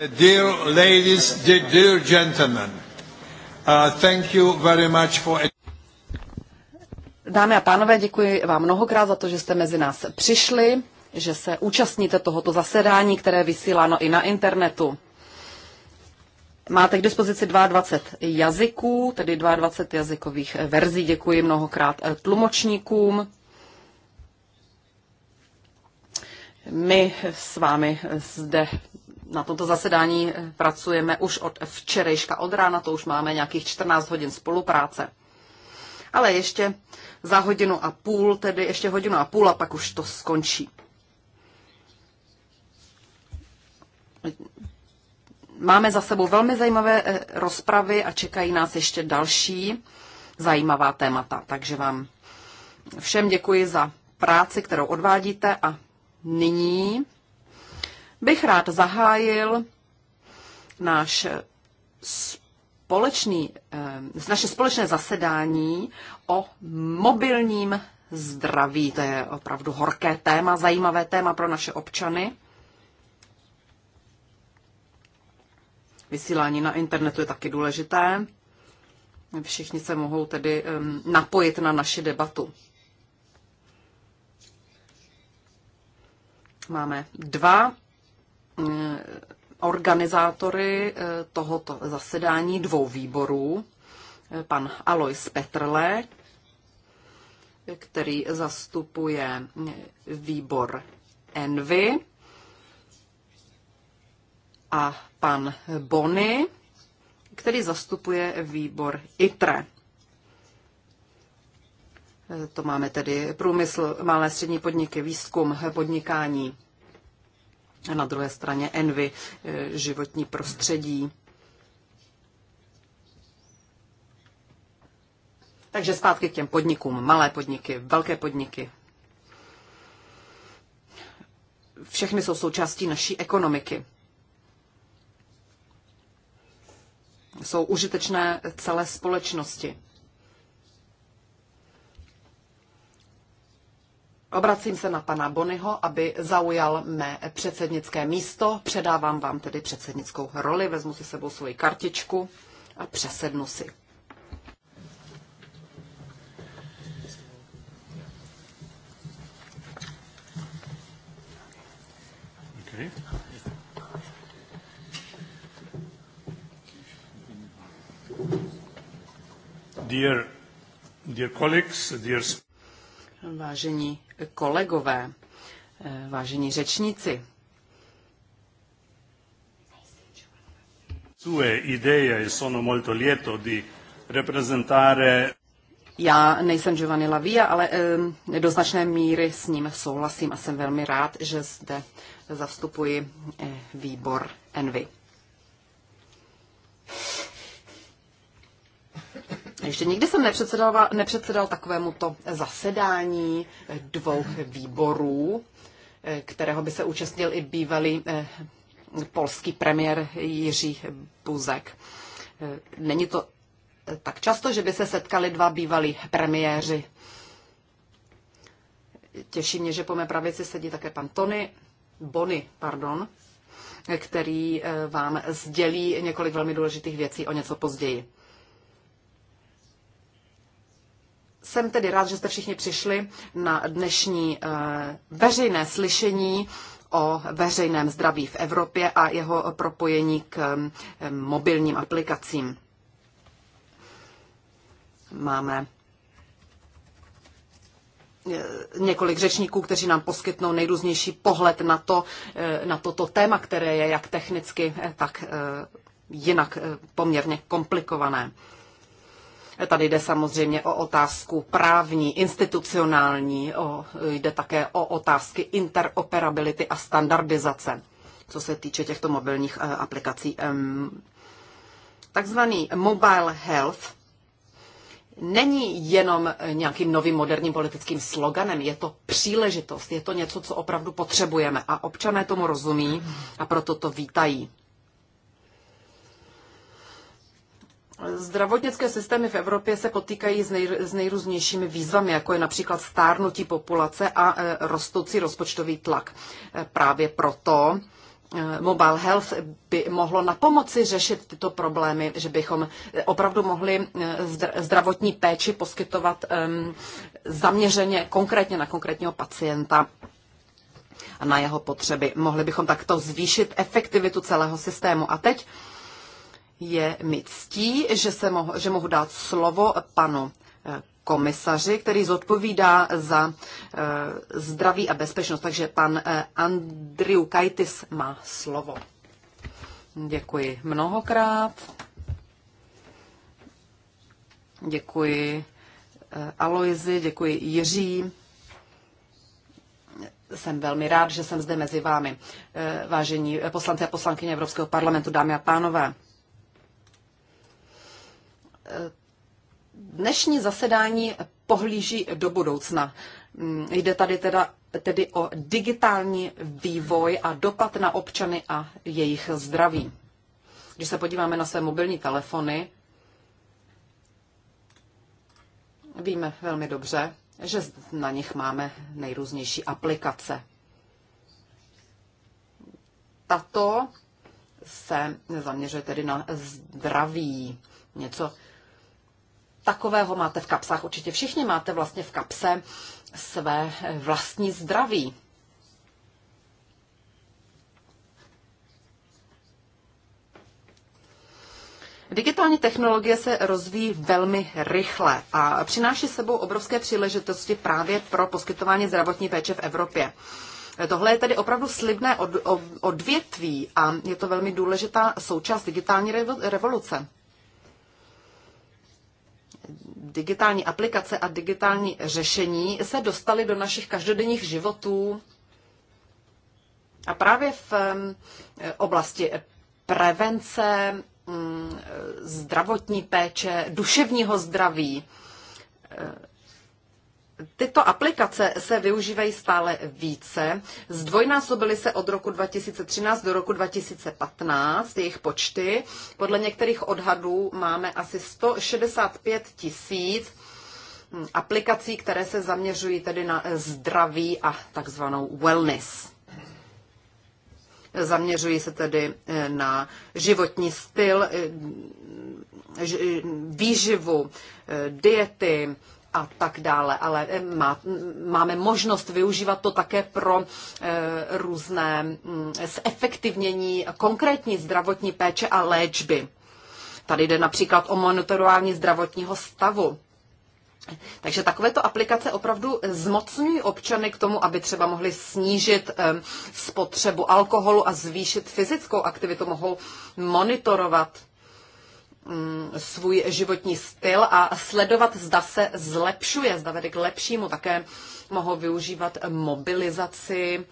Dear ladies, dear gentlemen, uh, thank you very much for... Dámy a pánové, děkuji vám mnohokrát za to, že jste mezi nás přišli, že se účastníte tohoto zasedání, které je vysíláno i na internetu. Máte k dispozici 22 jazyků, tedy 22 jazykových verzí. Děkuji mnohokrát eh, tlumočníkům. My s vámi zde na tomto zasedání eh, pracujeme už od včerejška od rána, to už máme nějakých 14 hodin spolupráce. Ale ještě za hodinu a půl, tedy ještě hodinu a půl a pak už to skončí. Máme za sebou velmi zajímavé eh, rozpravy a čekají nás ještě další zajímavá témata. Takže vám všem děkuji za práci, kterou odvádíte a nyní bych rád zahájil náš společný, eh, naše společné zasedání o mobilním zdraví. To je opravdu horké téma, zajímavé téma pro naše občany. Vysílání na internetu je taky důležité. Všichni se mohou tedy napojit na naši debatu. Máme dva Eh, organizátory eh, tohoto zasedání dvou výborů, eh, pan Alois Petrle, který zastupuje výbor Envy, a pan Bony, který zastupuje výbor ITRE. To máme tedy průmysl, malé střední podniky, výzkum, podnikání. A na druhé straně envy, eh, životní prostředí. Takže zpátky k těm podnikům. Malé podniky, velké podniky. Všechny jsou součástí naší ekonomiky. Jsou užitečné celé společnosti. Obracím se na pana Bonyho, aby zaujal mé předsednické místo. Předávám vám tedy předsednickou roli, vezmu si sebou svoji kartičku a přesednu si. Okay. Dear, dear colleagues, dear Vážení kolegové, vážení řečníci. Sue ideje e sono molto lieto di representare já nejsem Giovanni Lavia, ale e, do značné míry s ním souhlasím a jsem velmi rád, že zde zastupuji e, výbor Envy. Ještě nikdy jsem nepředsedal, nepředsedal takovémuto zasedání eh, dvou výborů, eh, kterého by se účastnil i bývalý eh, polský premiér Jiří Buzek. Není to tak často, že by se setkali dva bývalí premiéři. Těší mě, že po mé pravici sedí také pan Tony, Bony, pardon, který vám sdělí několik velmi důležitých věcí o něco později. jsem tedy rád, že jste všichni přišli na dnešní eh, veřejné slyšení o veřejném zdraví v Evropě a jeho propojení k eh, mobilním aplikacím. Máme eh, několik řečníků, kteří nám poskytnou nejrůznější pohled na, to, na toto téma, které je jak technicky, tak jinak poměrně komplikované. Tady jde samozřejmě o otázku právní, institucionální, o, jde také o otázky interoperability a standardizace, co se týče těchto mobilních eh, aplikací. Takzvaný mobile health není jenom eh, nějakým novým moderním politickým sloganem, je to příležitost, je to něco, co opravdu potřebujeme a občané tomu rozumí a proto to vítají. Zdravotnické systémy v Evropě se potýkají s, nej, s nejrůznějšími výzvami, jako je například stárnutí populace a e, rostoucí rozpočtový tlak. E, právě proto e, Mobile Health by mohlo na pomoci řešit tyto problémy, že bychom opravdu mohli zdravotní péči poskytovat zaměřeně konkrétně na konkrétního pacienta a na jeho potřeby. Mohli bychom takto zvýšit efektivitu celého systému. A teď je mi ctí, že, se mohu, že mohu dát slovo panu eh, komisaři, který zodpovídá za eh, zdraví a bezpečnost. Takže pan eh, Andriu Kajtis má slovo. Děkuji mnohokrát. Děkuji Aloizi, děkuji Jiří. Jsem velmi rád, že jsem zde mezi vámi, vážení poslanci a poslankyně Evropského parlamentu, dámy a pánové dnešní zasedání pohlíží do budoucna. Jde tady teda, tedy o digitální vývoj a dopad na občany a jejich zdraví. Když se podíváme na své mobilní telefony, víme velmi dobře, že na nich máme nejrůznější aplikace. Tato se zaměřuje tedy na zdraví, něco, takového máte v kapsách. Určitě všichni máte vlastně v kapse své eh, vlastní zdraví. Digitální technologie se rozvíjí velmi rychle a přináší sebou obrovské příležitosti právě pro poskytování zdravotní péče v Evropě. Tohle je tedy opravdu slibné odvětví a je to velmi důležitá součást digitální revoluce digitální aplikace a digitální řešení se dostaly do našich každodenních životů. A právě v oblasti prevence, mm, zdravotní péče, duševního zdraví, Tyto aplikace se využívají stále více. Zdvojnásobily se od roku 2013 do roku 2015 jejich počty. Podle některých odhadů máme asi 165 tisíc hm, aplikací, které se zaměřují tedy na eh, zdraví a takzvanou wellness. Zaměřují se tedy eh, na životní styl, eh, výživu, diety, a tak dále. Ale eh, má, máme možnost využívat to také pro e, různé m, mm, zefektivnění konkrétní zdravotní péče a léčby. Tady jde například o monitorování zdravotního stavu. Takže takovéto aplikace opravdu zmocňují občany k tomu, aby třeba mohli snížit eh, spotřebu alkoholu a zvýšit fyzickou aktivitu, mohou monitorovat Mm, svůj životní styl a sledovat, zda se zlepšuje, zda vede k lepšímu. Také mohou využívat mobilizaci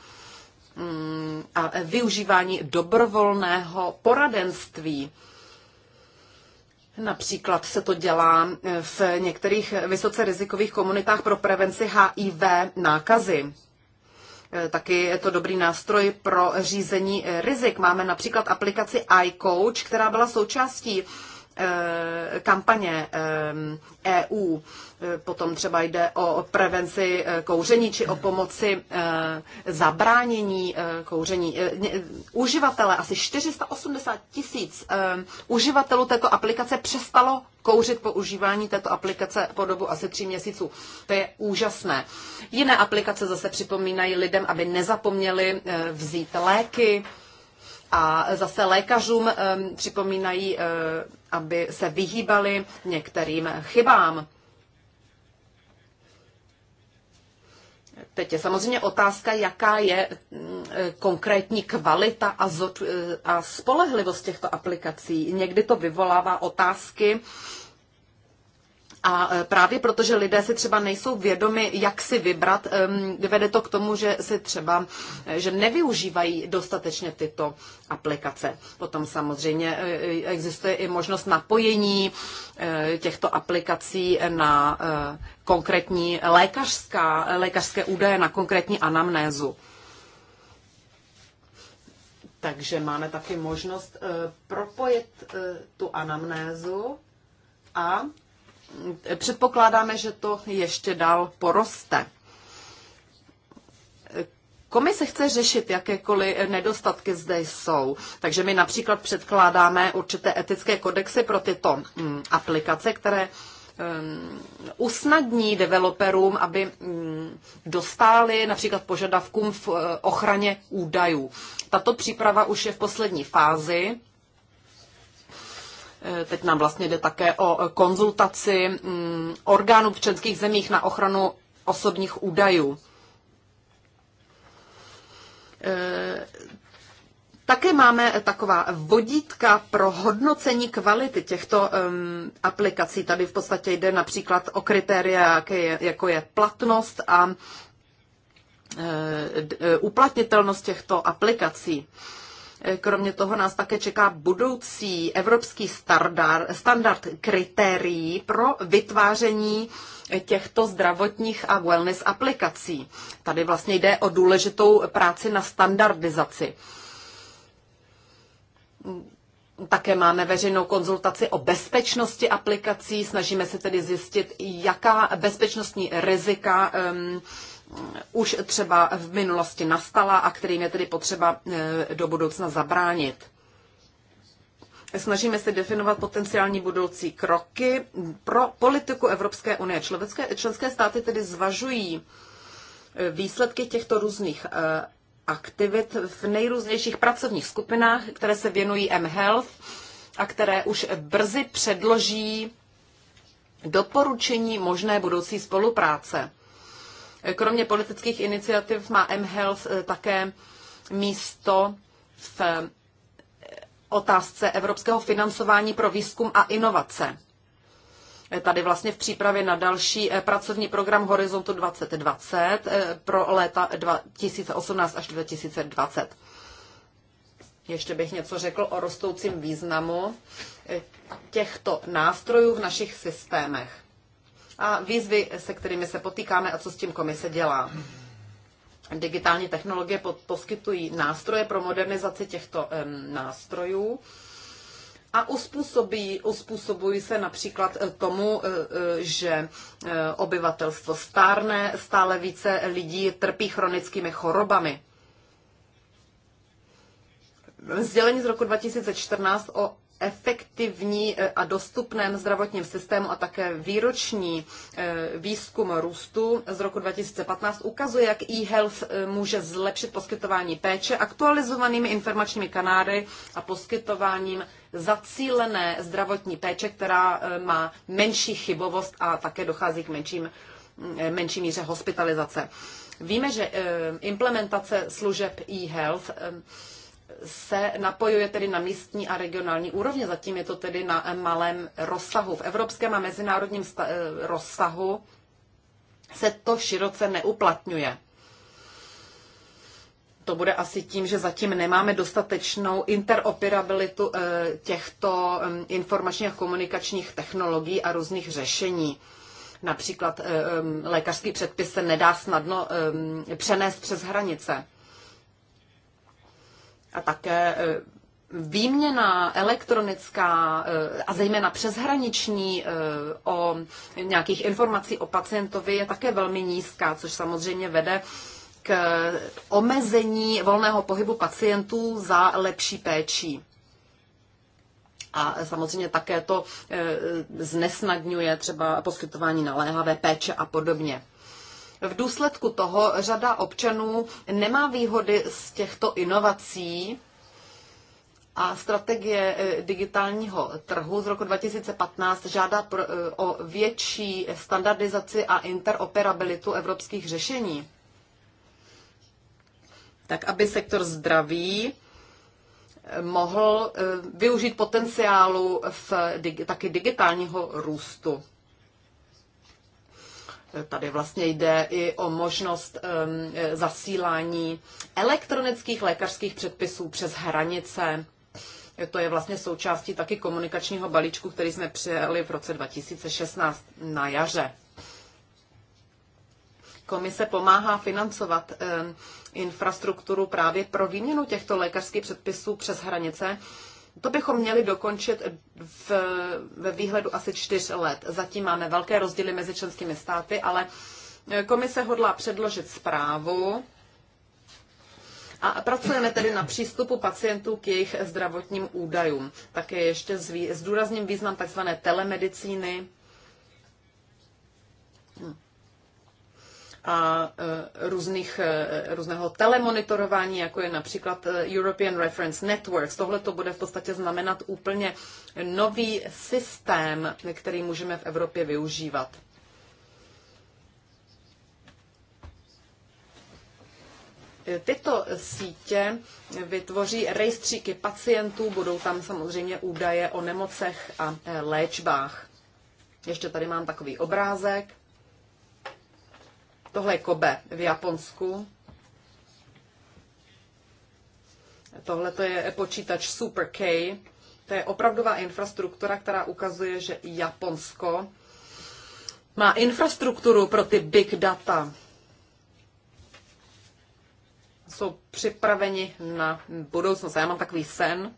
mm, a využívání dobrovolného poradenství. Například se to dělá v některých vysoce rizikových komunitách pro prevenci HIV nákazy. E, taky je to dobrý nástroj pro řízení rizik. Máme například aplikaci iCoach, která byla součástí Eh, kampaně EU. Eh, e eh, potom třeba jde o prevenci kouření či o pomoci zabránění kouření. Uživatele, asi 480 tisíc uživatelů této aplikace přestalo kouřit po užívání této aplikace po dobu asi tří měsíců. To je úžasné. Jiné aplikace zase připomínají lidem, aby nezapomněli vzít léky, a zase lékařům připomínají, aby se vyhýbali některým chybám. Teď je samozřejmě otázka, jaká je konkrétní kvalita a, e, a spolehlivost těchto aplikací. Někdy to vyvolává otázky, a e, právě protože lidé si třeba nejsou vědomi, jak si vybrat, vede to k tomu, že si třeba e, že nevyužívají dostatečně tyto aplikace. Potom samozřejmě e, existuje i možnost napojení těchto aplikací na konkrétní lékařská, lékařské údaje, na konkrétní anamnézu. Takže máme taky možnost propojit tu anamnézu a předpokládáme, že to ještě dál poroste. Komise chce řešit jakékoliv nedostatky zde jsou, takže my například předkládáme určité etické kodexy pro tyto mm, aplikace, které mm, usnadní developerům, aby mm, dostali například požadavkům v eh, ochraně údajů. Tato příprava už je v poslední fázi Teď nám vlastně jde také o konzultaci mm, orgánů v členských zemích na ochranu osobních údajů. E, také máme taková vodítka pro hodnocení kvality těchto um, aplikací. Tady v podstatě jde například o kritéria, jaké je, jako je platnost a e, e uplatnitelnost těchto aplikací. E, Eh, kromě toho nás také čeká budoucí evropský standard, standard kritérií pro vytváření eh, těchto zdravotních a wellness aplikací. Tady vlastně jde o důležitou práci na standardizaci. Také máme veřejnou konzultaci o bezpečnosti aplikací. Snažíme se tedy zjistit, jaká bezpečnostní rizika um, už třeba v minulosti nastala a kterým je tedy potřeba e, do budoucna zabránit. Snažíme se definovat potenciální budoucí kroky pro politiku Evropské unie. Člověcké členské státy tedy zvažují e, výsledky těchto různých e, aktivit v nejrůznějších pracovních skupinách, které se věnují mHealth a které už brzy předloží doporučení možné budoucí spolupráce. Kromě politických iniciativ má mHealth eh, také místo v eh, otázce evropského financování pro výzkum a inovace. Eh, tady vlastně v přípravě na další pracovní program Horizontu 2020 pro léta 2018 až 2020. Ještě bych něco řekl o rostoucím významu těchto nástrojů v našich systémech a výzvy, se kterými se potýkáme a co s tím komise dělá. Digitální technologie poskytují nástroje pro modernizaci těchto nástrojů a uspůsobí, uspůsobují se například eh, tomu, eh, eh, že obyvatelstvo stárne, stále více lidí trpí chronickými chorobami. Sdělení z roku 2014 o efektivní eh, a dostupném zdravotním systému a také výroční eh, výzkum růstu z roku 2015 ukazuje, jak e-health eh, může zlepšit poskytování péče aktualizovanými informačními kanály a poskytováním zacílené zdravotní péče, která má menší chybovost a také dochází k menším, menší míře hospitalizace. Víme, že implementace služeb e-health se napojuje tedy na místní a regionální úrovně, zatím je to tedy na malém rozsahu. V evropském a mezinárodním eh, rozsahu se to široce neuplatňuje. To bude asi tím, že zatím nemáme dostatečnou interoperabilitu eh, těchto mm, informačních a komunikačních technologií a různých řešení. Například eh, mm, lékařský předpis se nedá snadno mm, přenést přes hranice a také e, výměna elektronická e, a zejména přeshraniční e, o nějakých informací o pacientovi je také velmi nízká, což samozřejmě vede k omezení volného pohybu pacientů za lepší péčí. A samozřejmě také to znesnadňuje třeba poskytování naléhavé péče a podobně. V důsledku toho řada občanů nemá výhody z těchto inovací a strategie eh, digitálního trhu z roku 2015 žádá eh, o větší standardizaci a interoperabilitu evropských řešení. Tak, aby sektor zdraví eh, mohl využít potenciálu v taky digitálního růstu. Tady vlastně jde i o možnost zasílání elektronických lékařských předpisů přes hranice. To je vlastně součástí taky komunikačního balíčku, který jsme přijeli v roce 2016 na jaře. Komise pomáhá financovat infrastrukturu právě pro výměnu těchto lékařských předpisů přes hranice to bychom měli dokončit v, ve výhledu asi čtyř let. Zatím máme velké rozdíly mezi členskými státy, ale eh, komise hodlá předložit zprávu a pracujeme tedy na přístupu pacientů k jejich zdravotním údajům. Také ještě důrazním význam tzv. telemedicíny. Hm a e, různých, e, různého telemonitorování, jako je například e, European Reference Networks. Tohle to bude v podstatě znamenat úplně nový systém, který můžeme v Evropě využívat. Tyto sítě vytvoří rejstříky pacientů, budou tam samozřejmě údaje o nemocech a léčbách. Ještě tady mám takový obrázek. Tohle je Kobe v Japonsku. Tohle to je počítač Super K. To je opravdová infrastruktura, která ukazuje, že Japonsko má infrastrukturu pro ty big data. Jsou připraveni na budoucnost. Já mám takový sen,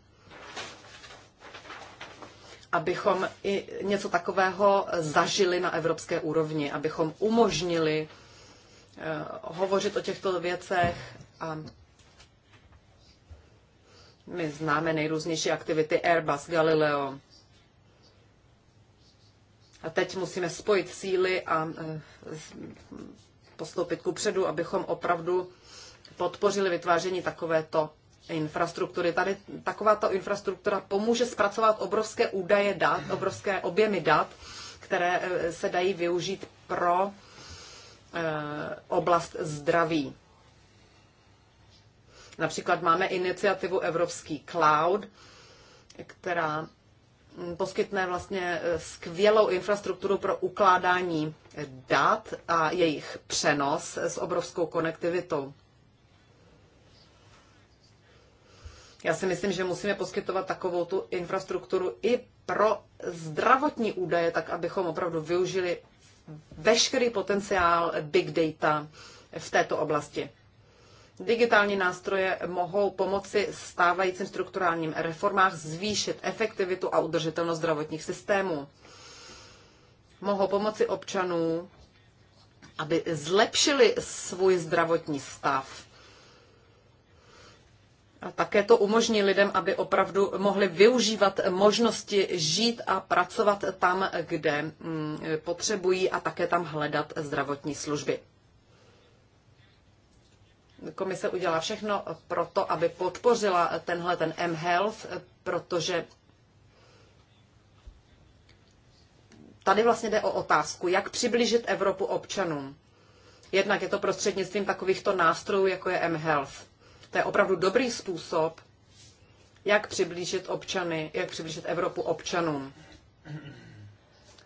abychom i něco takového zažili na evropské úrovni, abychom umožnili Eh, hovořit o těchto věcech a my známe nejrůznější aktivity Airbus, Galileo. A teď musíme spojit síly a eh, postoupit ku předu, abychom opravdu podpořili vytváření takovéto infrastruktury. Tady takováto infrastruktura pomůže zpracovat obrovské údaje dat, obrovské objemy dat, které eh, se dají využít pro Eh, oblast zdraví. Například máme iniciativu Evropský cloud, která poskytne vlastně eh, skvělou infrastrukturu pro ukládání dat a jejich přenos s obrovskou konektivitou. Já si myslím, že musíme poskytovat takovou tu infrastrukturu i pro zdravotní údaje, tak abychom opravdu využili veškerý potenciál big data v této oblasti. Digitální nástroje mohou pomoci stávajícím strukturálním reformách zvýšit efektivitu a udržitelnost zdravotních systémů. Mohou pomoci občanům, aby zlepšili svůj zdravotní stav a také to umožní lidem, aby opravdu mohli využívat možnosti žít a pracovat tam, kde mm, potřebují a také tam hledat zdravotní služby. Komise udělá všechno pro to, aby podpořila tenhle ten mHealth, protože tady vlastně jde o otázku, jak přiblížit Evropu občanům. Jednak je to prostřednictvím takovýchto nástrojů, jako je mHealth. To je opravdu dobrý způsob, jak přiblížit občany, jak přiblížit Evropu občanům.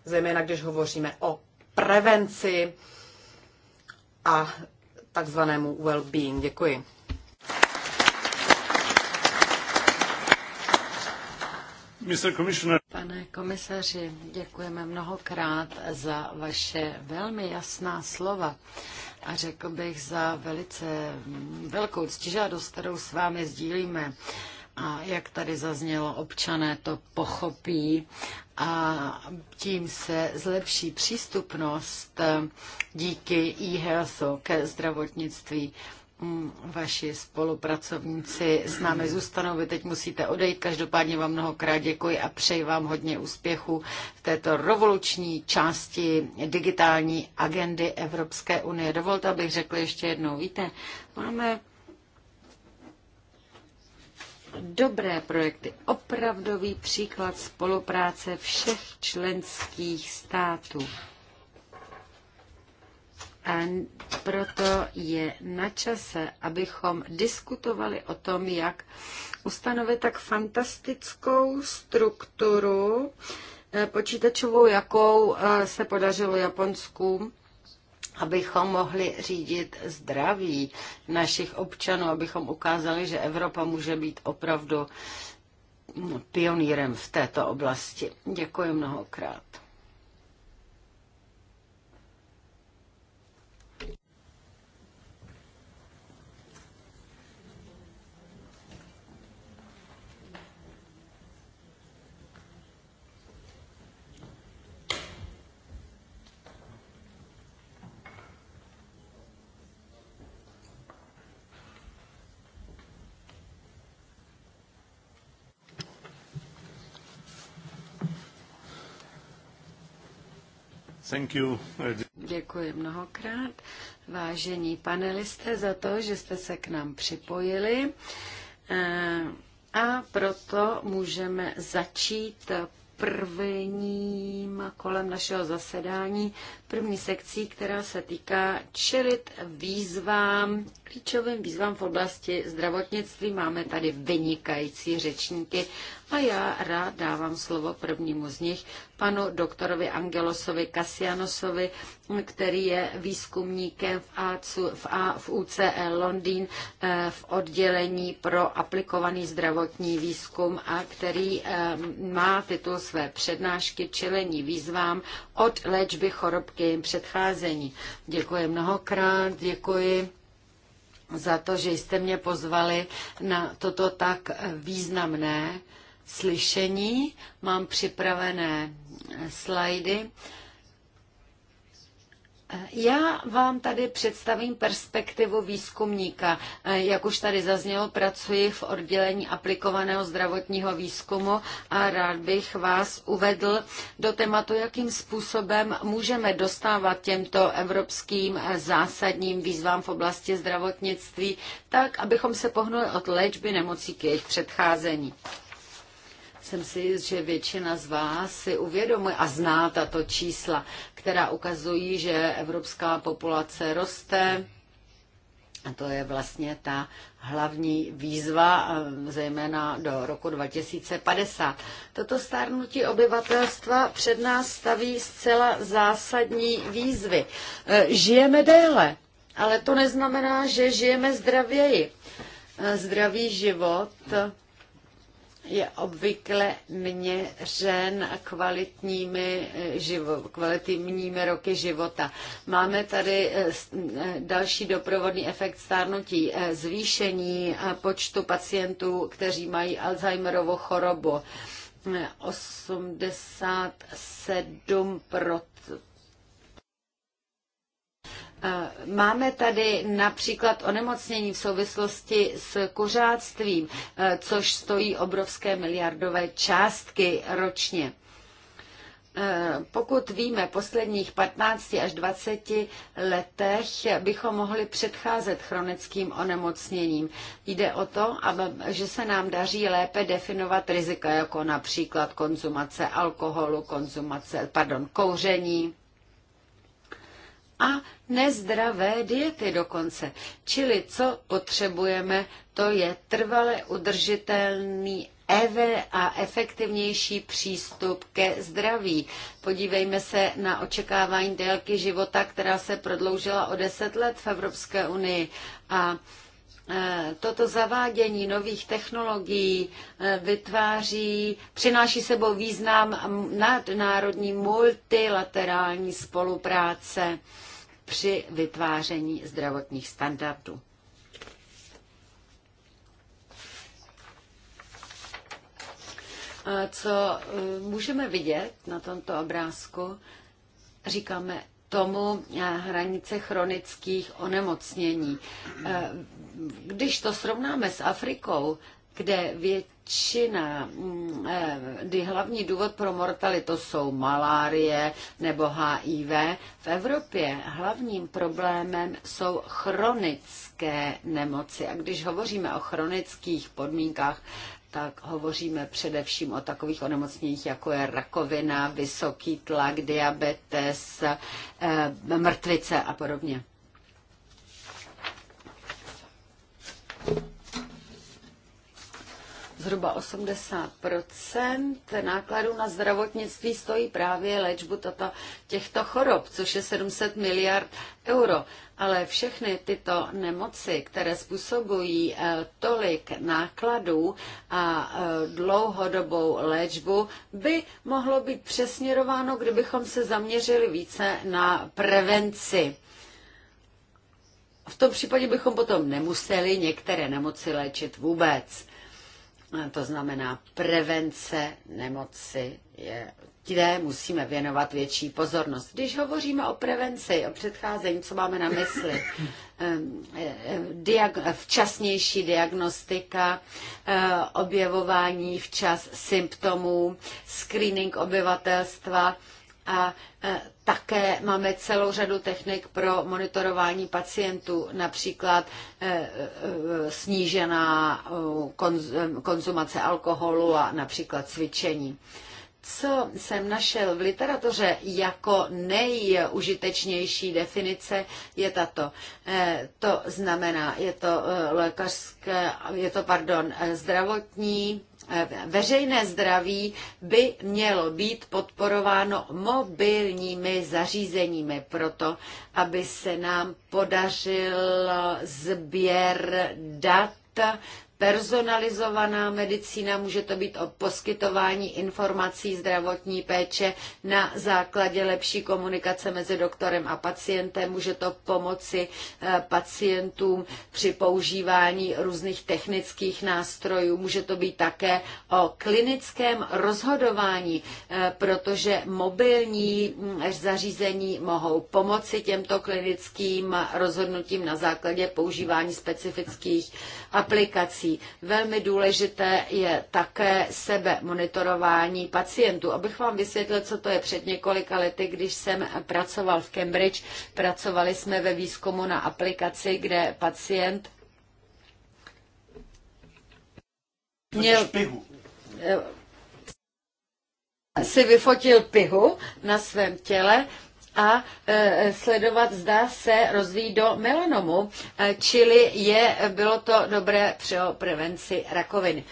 Zejména když hovoříme o prevenci a takzvanému well-being. Děkuji. Pane komisaři, děkujeme mnohokrát za vaše velmi jasná slova a řekl bych za velice velkou ctižádost, kterou s vámi sdílíme. A jak tady zaznělo, občané to pochopí a tím se zlepší přístupnost díky e-healthu ke zdravotnictví. Mm, vaši spolupracovníci s námi zůstanou. Vy teď musíte odejít. Každopádně vám mnohokrát děkuji a přeji vám hodně úspěchu v této revoluční části digitální agendy Evropské unie. Dovolte, abych řekl ještě jednou. Víte, máme dobré projekty, opravdový příklad spolupráce všech členských států. A proto je na čase, abychom diskutovali o tom, jak ustanovit tak fantastickou strukturu eh, počítačovou, jakou eh, se podařilo Japonsku abychom mohli řídit zdraví našich občanů, abychom ukázali, že Evropa může být opravdu no, pionýrem v této oblasti. Děkuji mnohokrát. Thank you. Děkuji mnohokrát, vážení panelisté, za to, že jste se k nám připojili. Eh, a proto můžeme začít prvním kolem našeho zasedání, první sekcí, která se týká čelit výzvám, klíčovým výzvám v oblasti zdravotnictví. Máme tady vynikající řečníky a já rád dávám slovo prvnímu z nich, panu doktorovi Angelosovi Kasianosovi, který je výzkumníkem v, ACU, v, A, v UCL e Londýn eh, v oddělení pro aplikovaný zdravotní výzkum a který eh, má titul své přednášky Čelení výzvám od léčby chorobky předcházení. Děkuji mnohokrát, děkuji za to, že jste mě pozvali na toto tak významné slyšení. Mám připravené eh, slajdy. Eh, já vám tady představím perspektivu výzkumníka. Eh, jak už tady zaznělo, pracuji v oddělení aplikovaného zdravotního výzkumu a rád bych vás uvedl do tématu, jakým způsobem můžeme dostávat těmto evropským zásadním výzvám v oblasti zdravotnictví, tak abychom se pohnuli od léčby nemocí k jejich předcházení. Jsem si jist, že většina z vás si uvědomuje a zná tato čísla, která ukazují, že evropská populace roste. A to je vlastně ta hlavní výzva, eh, zejména do roku 2050. Toto stárnutí obyvatelstva před nás staví zcela zásadní výzvy. Eh, žijeme déle, ale to neznamená, že žijeme zdravěji. Eh, zdravý život je obvykle měřen kvalitními, eh, živo, kvalitními roky života. Máme tady eh, eh, další doprovodný efekt stárnutí, zvýšení počtu pacientů, kteří mají Alzheimerovou chorobu. 87 Eh, máme tady například onemocnění v souvislosti s kuřáctvím, eh, což stojí obrovské miliardové částky ročně. Eh, pokud víme, posledních 15 až 20 letech bychom mohli předcházet chronickým onemocněním. Jde o to, že se nám daří lépe definovat rizika, jako například konzumace alkoholu, konzumace, pardon, kouření, a nezdravé diety dokonce. Čili co potřebujeme, to je trvale udržitelný ev a efektivnější přístup ke zdraví. Podívejme se na očekávání délky života, která se prodloužila o 10 let v Evropské unii. A e, toto zavádění nových technologií e, vytváří, přináší sebou význam nadnárodní multilaterální spolupráce při vytváření zdravotních standardů. Co eh, můžeme vidět na tomto obrázku, říkáme tomu eh, hranice chronických onemocnění. Eh, když to srovnáme s Afrikou, kde většina, mm, eh, kdy hlavní důvod pro mortalitu jsou malárie nebo HIV, v Evropě hlavním problémem jsou chronické nemoci. A když hovoříme o chronických podmínkách, tak hovoříme především o takových onemocněních, jako je rakovina, vysoký tlak, diabetes, eh, mrtvice a podobně. Zhruba 80 nákladů na zdravotnictví stojí právě léčbu tato, těchto chorob, což je 700 miliard euro. Ale všechny tyto nemoci, které způsobují eh, tolik nákladů a eh, dlouhodobou léčbu, by mohlo být přesměrováno, kdybychom se zaměřili více na prevenci. V tom případě bychom potom nemuseli některé nemoci léčit vůbec. To znamená, prevence nemoci je kde musíme věnovat větší pozornost. Když hovoříme o prevenci, o předcházení, co máme na mysli, ehm, eh, diag- včasnější diagnostika, eh, objevování včas symptomů, screening obyvatelstva, a e, také máme celou řadu technik pro monitorování pacientů, například e, e, snížená konzumace alkoholu a například cvičení co jsem našel v literatuře jako nejužitečnější definice, je tato. To znamená, je to lékařské, je to, pardon, zdravotní Eh, veřejné zdraví by mělo být podporováno mobilními zařízeními proto, aby se nám podařil sběr dat personalizovaná medicína, může to být o poskytování informací zdravotní péče na základě lepší komunikace mezi doktorem a pacientem, může to pomoci eh, pacientům při používání různých technických nástrojů, může to být také o klinickém rozhodování, eh, protože mobilní mm, zařízení mohou pomoci těmto klinickým rozhodnutím na základě používání specifických aplikací věcí. Velmi důležité je také sebemonitorování pacientů. Abych vám vysvětlil, co to je před několika lety, když jsem pracoval v Cambridge, pracovali jsme ve výzkumu na aplikaci, kde pacient měl eh, si vyfotil pihu na svém těle a e, sledovat, zda se rozvíjí do melanomu, e, čili je, bylo to dobré při prevenci rakoviny.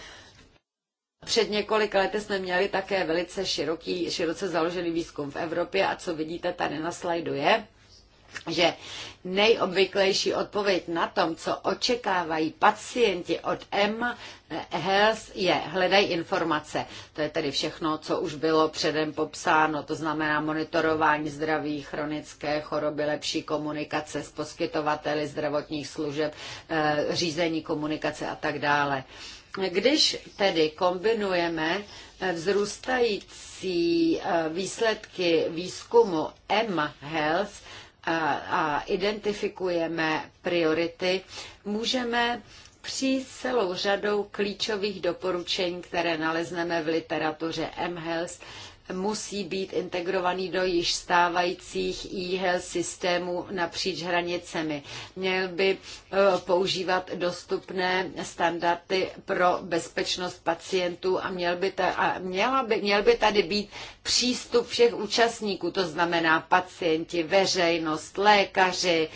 Před několika lety jsme měli také velice široký, široce založený výzkum v Evropě a co vidíte tady na slajdu je, že nejobvyklejší odpověď na tom, co očekávají pacienti od M eh, Health je hledají informace. To je tedy všechno, co už bylo předem popsáno, to znamená monitorování zdraví, chronické choroby, lepší komunikace s poskytovateli zdravotních služeb, eh, řízení komunikace a tak dále. Když tedy kombinujeme eh, vzrůstající výsledky výzkumu M-Health a identifikujeme priority, můžeme přijít celou řadou klíčových doporučení, které nalezneme v literatuře M. M-Health, musí být integrovaný do již stávajících e-health systémů napříč hranicemi. Měl by e, používat dostupné standardy pro bezpečnost pacientů a, měl by ta, a měla by, měl by tady být přístup všech účastníků, to znamená pacienti, veřejnost, lékaři,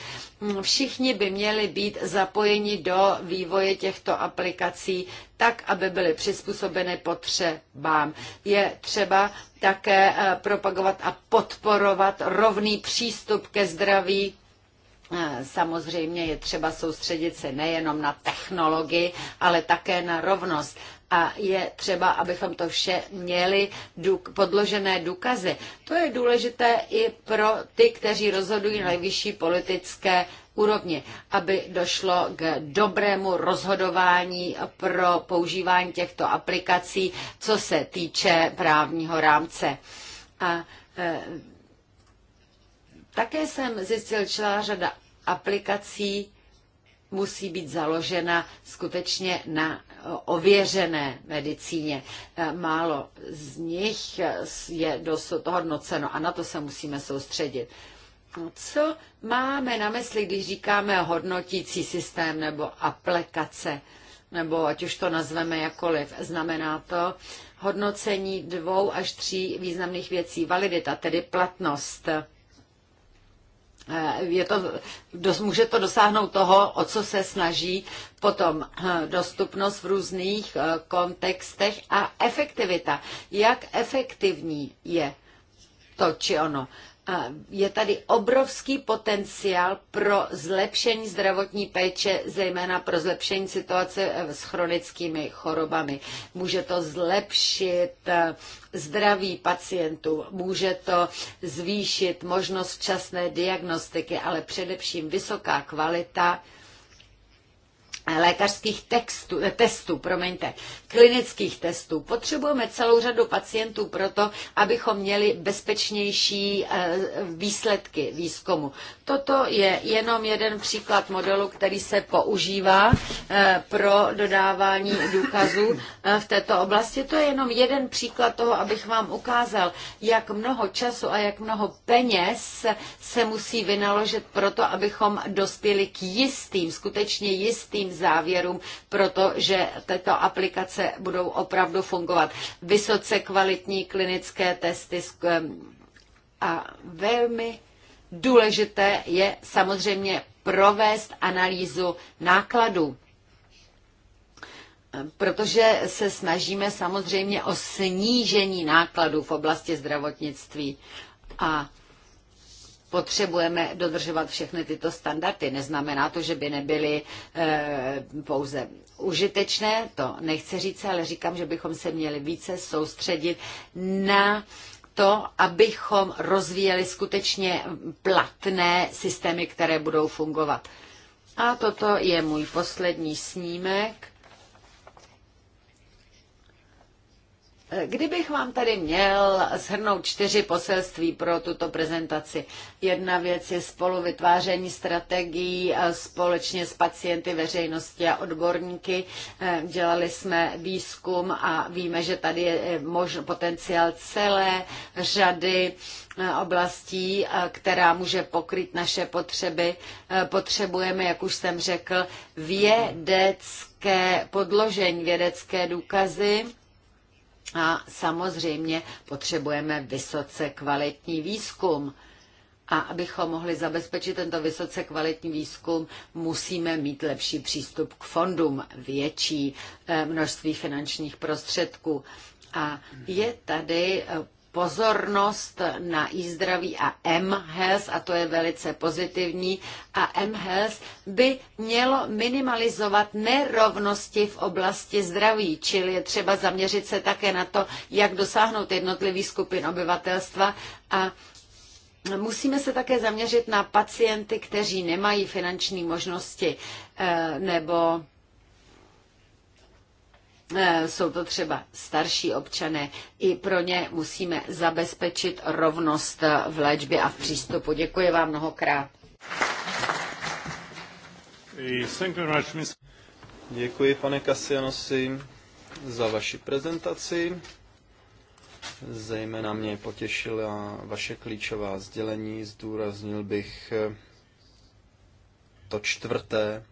všichni by měli být zapojeni do vývoje těchto aplikací tak, aby byly přizpůsobeny potřebám. Je třeba také eh, propagovat a podporovat rovný přístup ke zdraví eh, Samozřejmě je třeba soustředit se nejenom na technologii, ale také na rovnost a je třeba, abychom to vše měli podložené důkazy. To je důležité i pro ty, kteří rozhodují na nejvyšší politické úrovni, aby došlo k dobrému rozhodování pro používání těchto aplikací, co se týče právního rámce. A, e, také jsem zjistil, že celá řada aplikací musí být založena skutečně na ověřené medicíně. Eh, málo z nich je dosud hodnoceno a na to se musíme soustředit. Co máme na mysli, když říkáme hodnotící systém nebo aplikace, nebo ať už to nazveme jakoliv, znamená to hodnocení dvou až tří významných věcí. Validita, tedy platnost Eh, je to, dos, může to dosáhnout toho, o co se snaží, potom eh, dostupnost v různých eh, kontextech a efektivita. Jak efektivní je to či ono je tady obrovský potenciál pro zlepšení zdravotní péče, zejména pro zlepšení situace eh, s chronickými chorobami. Může to zlepšit eh, zdraví pacientů, může to zvýšit možnost včasné diagnostiky, ale především vysoká kvalita lékařských textu, testů, promiňte, klinických testů. Potřebujeme celou řadu pacientů proto, abychom měli bezpečnější eh, výsledky výzkumu. Toto je jenom jeden příklad modelu, který se používá eh, pro dodávání důkazů eh, v této oblasti. To je jenom jeden příklad toho, abych vám ukázal, jak mnoho času a jak mnoho peněz se musí vynaložit proto, abychom dospěli k jistým, skutečně jistým závěrům, protože tyto aplikace budou opravdu fungovat. Vysoce kvalitní klinické testy eh, a velmi důležité je samozřejmě provést analýzu nákladů protože se snažíme samozřejmě o snížení nákladů v oblasti zdravotnictví. A potřebujeme dodržovat všechny tyto standardy. Neznamená to, že by nebyly e, pouze užitečné, to nechci říct, ale říkám, že bychom se měli více soustředit na to, abychom rozvíjeli skutečně platné systémy, které budou fungovat. A toto je můj poslední snímek Kdybych vám tady měl shrnout čtyři poselství pro tuto prezentaci. Jedna věc je spolu vytváření strategií eh, společně s pacienty, veřejnosti a odborníky. Eh, dělali jsme výzkum a víme, že tady je eh, potenciál celé řady oblastí, která může pokryt naše potřeby. Potřebujeme, jak už jsem řekl, vědecké podložení, vědecké důkazy a samozřejmě potřebujeme vysoce kvalitní výzkum. A abychom mohli zabezpečit tento vysoce kvalitní výzkum, musíme mít lepší přístup k fondům, větší eh, množství finančních prostředků. A je tady eh, pozornost na e-zdraví a mHealth, a to je velice pozitivní, a mHealth by mělo minimalizovat nerovnosti v oblasti zdraví, čili je třeba zaměřit se také na to, jak dosáhnout jednotlivých skupin obyvatelstva a Musíme se také zaměřit na pacienty, kteří nemají finanční možnosti eh, nebo Eh, jsou to třeba starší občané, i pro ně musíme zabezpečit rovnost eh, v léčbě a v přístupu. Děkuji vám mnohokrát. Děkuji, pane Kasianosi, za vaši prezentaci. Zejména mě potěšila vaše klíčová sdělení. Zdůraznil bych eh, to čtvrté,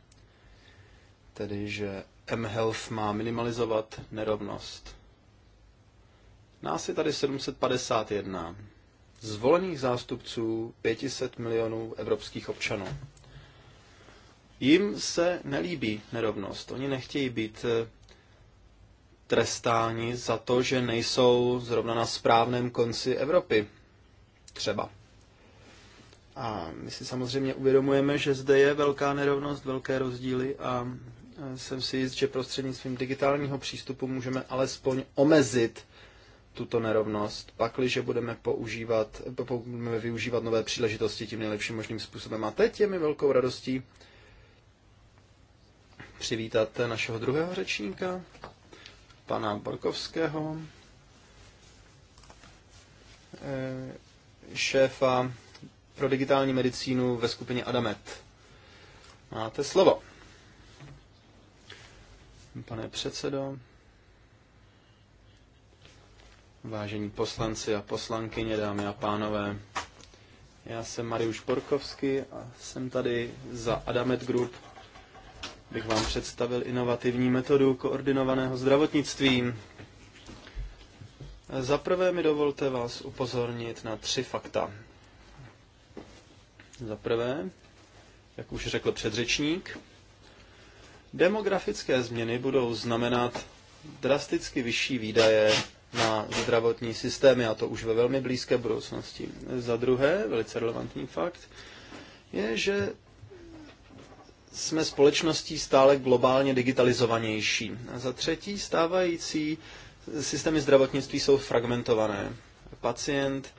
tedy že mHealth má minimalizovat nerovnost. Nás je tady 751 zvolených zástupců 500 milionů evropských občanů. Jim se nelíbí nerovnost. Oni nechtějí být eh, trestáni za to, že nejsou zrovna na správném konci Evropy. Třeba. A my si samozřejmě uvědomujeme, že zde je velká nerovnost, velké rozdíly a jsem si jist, že prostřednictvím digitálního přístupu můžeme alespoň omezit tuto nerovnost, pakliže budeme používat, budeme využívat nové příležitosti tím nejlepším možným způsobem. A teď je mi velkou radostí přivítat našeho druhého řečníka, pana Borkovského, eh, šéfa pro digitální medicínu ve skupině Adamet. Máte slovo pane předsedo. Vážení poslanci a poslankyně, dámy a pánové, já jsem Mariusz Porkovský a jsem tady za Adamet Group. Bych vám představil inovativní metodu koordinovaného zdravotnictví. Za prvé mi dovolte vás upozornit na tři fakta. Za prvé, jak už řekl předřečník, Demografické změny budou znamenat drasticky vyšší výdaje na zdravotní systémy, a to už ve velmi blízké budoucnosti. Za druhé, velice relevantní fakt, je, že jsme společností stále globálně digitalizovanější. A za třetí, stávající systémy zdravotnictví jsou fragmentované. Pacient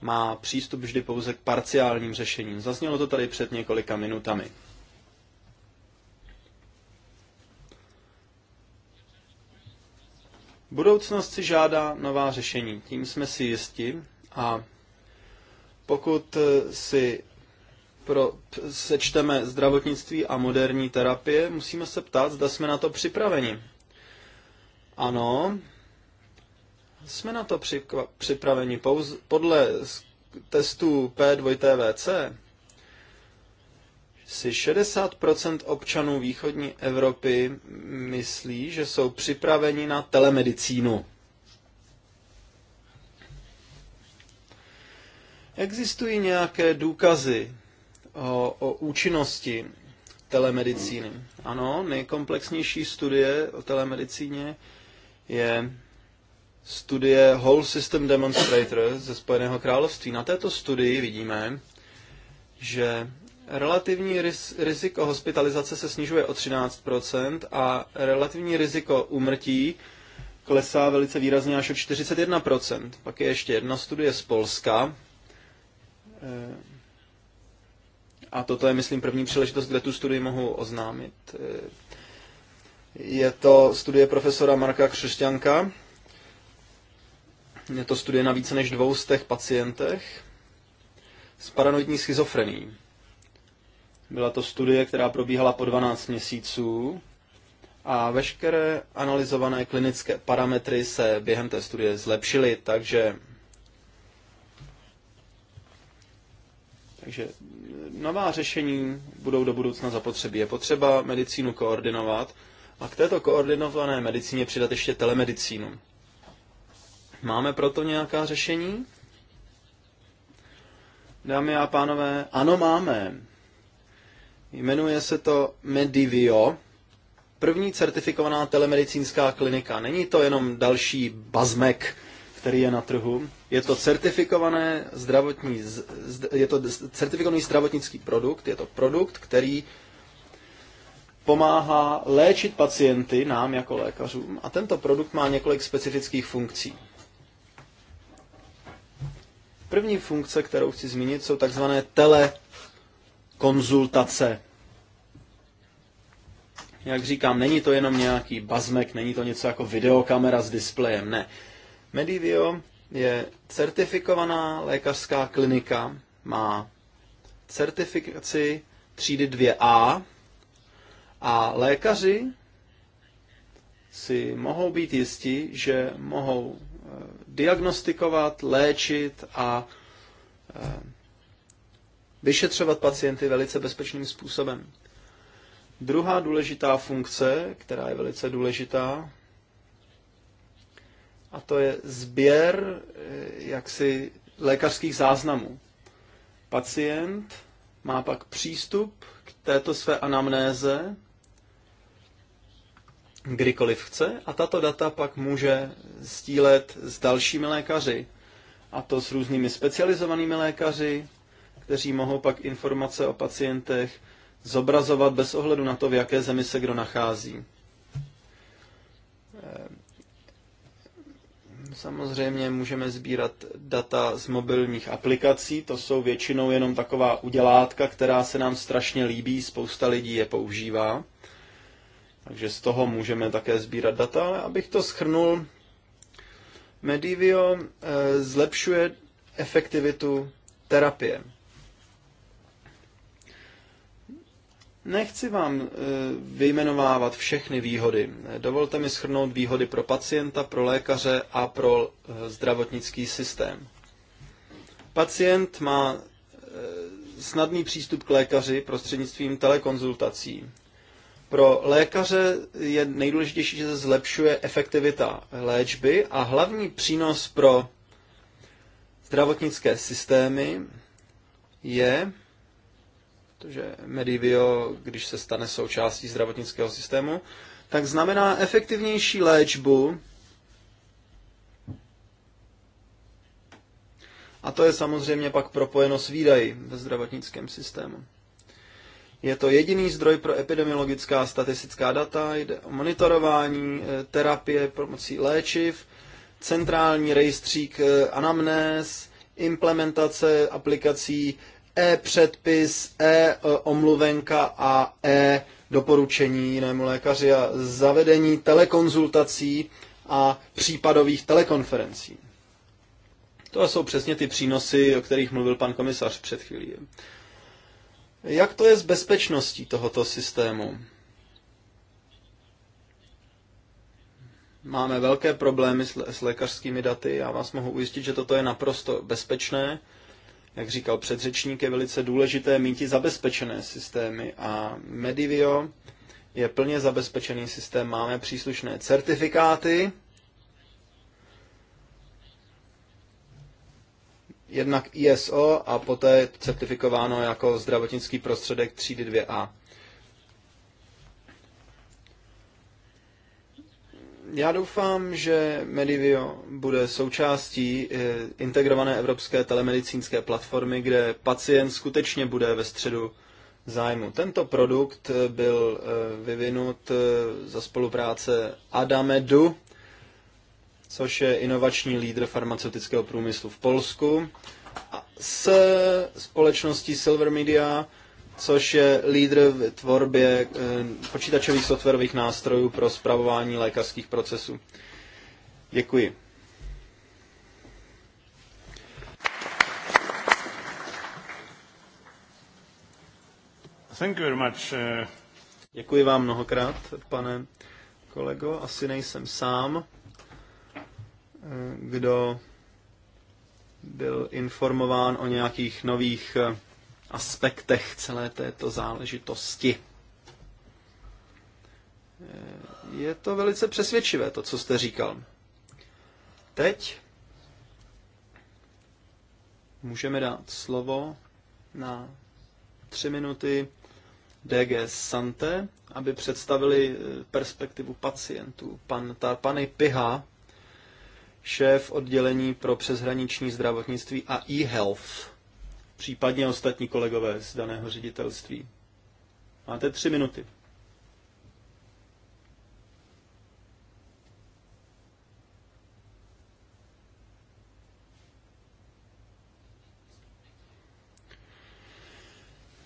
má přístup vždy pouze k parciálním řešením. Zaznělo to tady před několika minutami. Budoucnost si žádá nová řešení, tím jsme si jisti a pokud eh, si pro, sečteme zdravotnictví a moderní terapie, musíme se ptát, zda jsme na to připraveni. Ano, jsme na to připraveni. Pouze podle testů P2TVC si 60% občanů východní Evropy myslí, že jsou připraveni na telemedicínu. Existují nějaké důkazy o, o účinnosti telemedicíny? Ano, nejkomplexnější studie o telemedicíně je studie Whole System Demonstrator ze Spojeného království. Na této studii vidíme, že Relativní riziko hospitalizace se snižuje o 13% a relativní riziko umrtí klesá velice výrazně až o 41%. Pak je ještě jedna studie z Polska. Eh, a toto je, myslím, první příležitost, kde tu studii mohu oznámit. Eh, je to studie profesora Marka Křesťanka. Je to studie na více než dvoustech pacientech s paranoidní schizofrenií. Byla to studie, která probíhala po 12 měsíců a veškeré analyzované klinické parametry se během té studie zlepšily, takže Takže nová řešení budou do budoucna zapotřebí. Je potřeba medicínu koordinovat a k této koordinované medicíně přidat ještě telemedicínu. Máme proto nějaká řešení? Dámy a pánové, ano máme. Jmenuje se to Medivio, první certifikovaná telemedicínská klinika. Není to jenom další bazmek, který je na trhu. Je to certifikované zdravotní, je to certifikovaný zdravotnický produkt, je to produkt, který pomáhá léčit pacienty, nám jako lékařům, a tento produkt má několik specifických funkcí. První funkce, kterou chci zmínit, jsou takzvané tele konzultace. Jak říkám, není to jenom nějaký bazmek, není to něco jako videokamera s displejem, ne. Medivio je certifikovaná lékařská klinika, má certifikaci třídy 2A a lékaři si mohou být jisti, že mohou eh, diagnostikovat, léčit a eh, vyšetřovat pacienty velice bezpečným způsobem. Druhá důležitá funkce, která je velice důležitá, a to je sběr eh, jaksi lékařských záznamů. Pacient má pak přístup k této své anamnéze, kdykoliv chce a tato data pak může sdílet s dalšími lékaři, a to s různými specializovanými lékaři, kteří mohou pak informace o pacientech zobrazovat bez ohledu na to, v jaké zemi se kdo nachází. Eh, samozřejmě můžeme sbírat data z mobilních aplikací, to jsou většinou jenom taková udělátka, která se nám strašně líbí, spousta lidí je používá. Takže z toho můžeme také sbírat data, ale abych to schrnul, Medivio eh, zlepšuje efektivitu terapie. Nechci vám eh, vyjmenovávat všechny výhody. Dovolte mi schrnout výhody pro pacienta, pro lékaře a pro eh, zdravotnický systém. Pacient má eh, snadný přístup k lékaři prostřednictvím telekonzultací. Pro lékaře je nejdůležitější, že se zlepšuje efektivita léčby a hlavní přínos pro zdravotnické systémy je protože Medivio, když se stane součástí zdravotnického systému, tak znamená efektivnější léčbu. A to je samozřejmě pak propojeno s výdají ve zdravotnickém systému. Je to jediný zdroj pro epidemiologická a statistická data, jde o monitorování, eh, terapie pomocí léčiv, centrální rejstřík eh, anamnéz, implementace aplikací e-předpis, e-omluvenka a e-doporučení jinému lékaři a zavedení telekonzultací a případových telekonferencí. To jsou přesně ty přínosy, o kterých mluvil pan komisař před chvílí. Jak to je s bezpečností tohoto systému? Máme velké problémy s, lékařskými daty. Já vás mohu ujistit, že toto je naprosto bezpečné jak říkal předřečník, je velice důležité mít i zabezpečené systémy a Medivio je plně zabezpečený systém, máme příslušné certifikáty, jednak ISO a poté certifikováno jako zdravotnický prostředek třídy 2A. Já doufám, že Medivio bude součástí eh, integrované evropské telemedicínské platformy, kde pacient skutečně bude ve středu zájmu. Tento produkt eh, byl eh, vyvinut za spolupráce Adamedu, což je inovační lídr farmaceutického průmyslu v Polsku, s společností Silver Media, což je lídr v tvorbě eh, počítačových softwarových nástrojů pro zpravování lékařských procesů. Děkuji. Thank you very much. Eh. Děkuji vám mnohokrát, pane kolego. Asi nejsem sám, eh, kdo byl informován o nějakých nových aspektech celé této záležitosti. Je to velice přesvědčivé, to, co jste říkal. Teď můžeme dát slovo na tři minuty DG Sante, aby představili eh, perspektivu pacientů. Pan Tarpany Piha, šéf oddělení pro přeshraniční zdravotnictví a e-health případně ostatní kolegové z daného ředitelství. Máte tři minuty.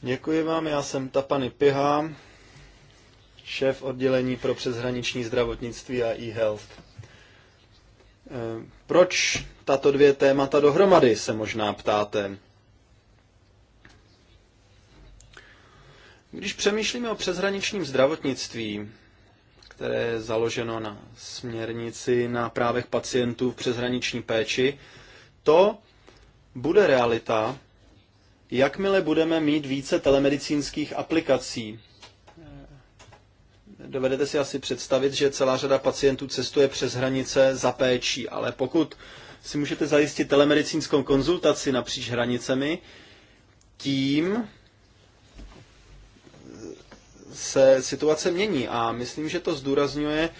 Děkuji vám, já jsem Tapany Piha, šéf oddělení pro přeshraniční zdravotnictví a e-health. Ehm, proč tato dvě témata dohromady, se možná ptáte? Když přemýšlíme o přeshraničním zdravotnictví, které je založeno na směrnici na právech pacientů v přeshraniční péči, to bude realita, jakmile budeme mít více telemedicínských aplikací. Dovedete si asi představit, že celá řada pacientů cestuje přes hranice za péčí, ale pokud si můžete zajistit telemedicínskou konzultaci napříč hranicemi, tím se situace mění a myslím, že to zdůrazňuje,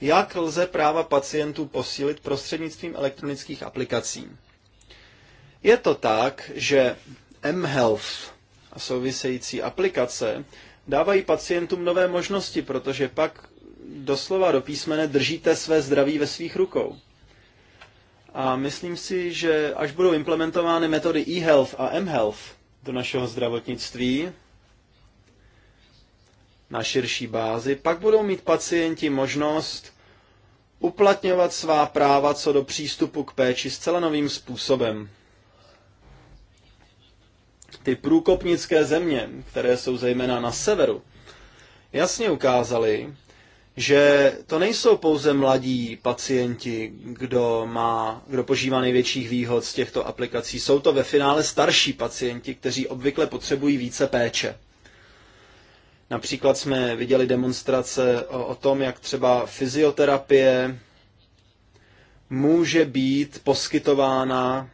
jak lze práva pacientů posílit prostřednictvím elektronických aplikací. Je to tak, že mHealth a související aplikace dávají pacientům nové možnosti, protože pak doslova do písmene držíte své zdraví ve svých rukou. A myslím si, že až budou implementovány metody e-health a mHealth do našeho zdravotnictví, na širší bázi, pak budou mít pacienti možnost uplatňovat svá práva co do přístupu k péči zcela novým způsobem. Ty průkopnické země, které jsou zejména na severu, jasně ukázaly, že to nejsou pouze mladí pacienti, kdo, má, kdo požívá největších výhod z těchto aplikací. Jsou to ve finále starší pacienti, kteří obvykle potřebují více péče. Například jsme viděli demonstrace o, o tom, jak třeba fyzioterapie může být poskytována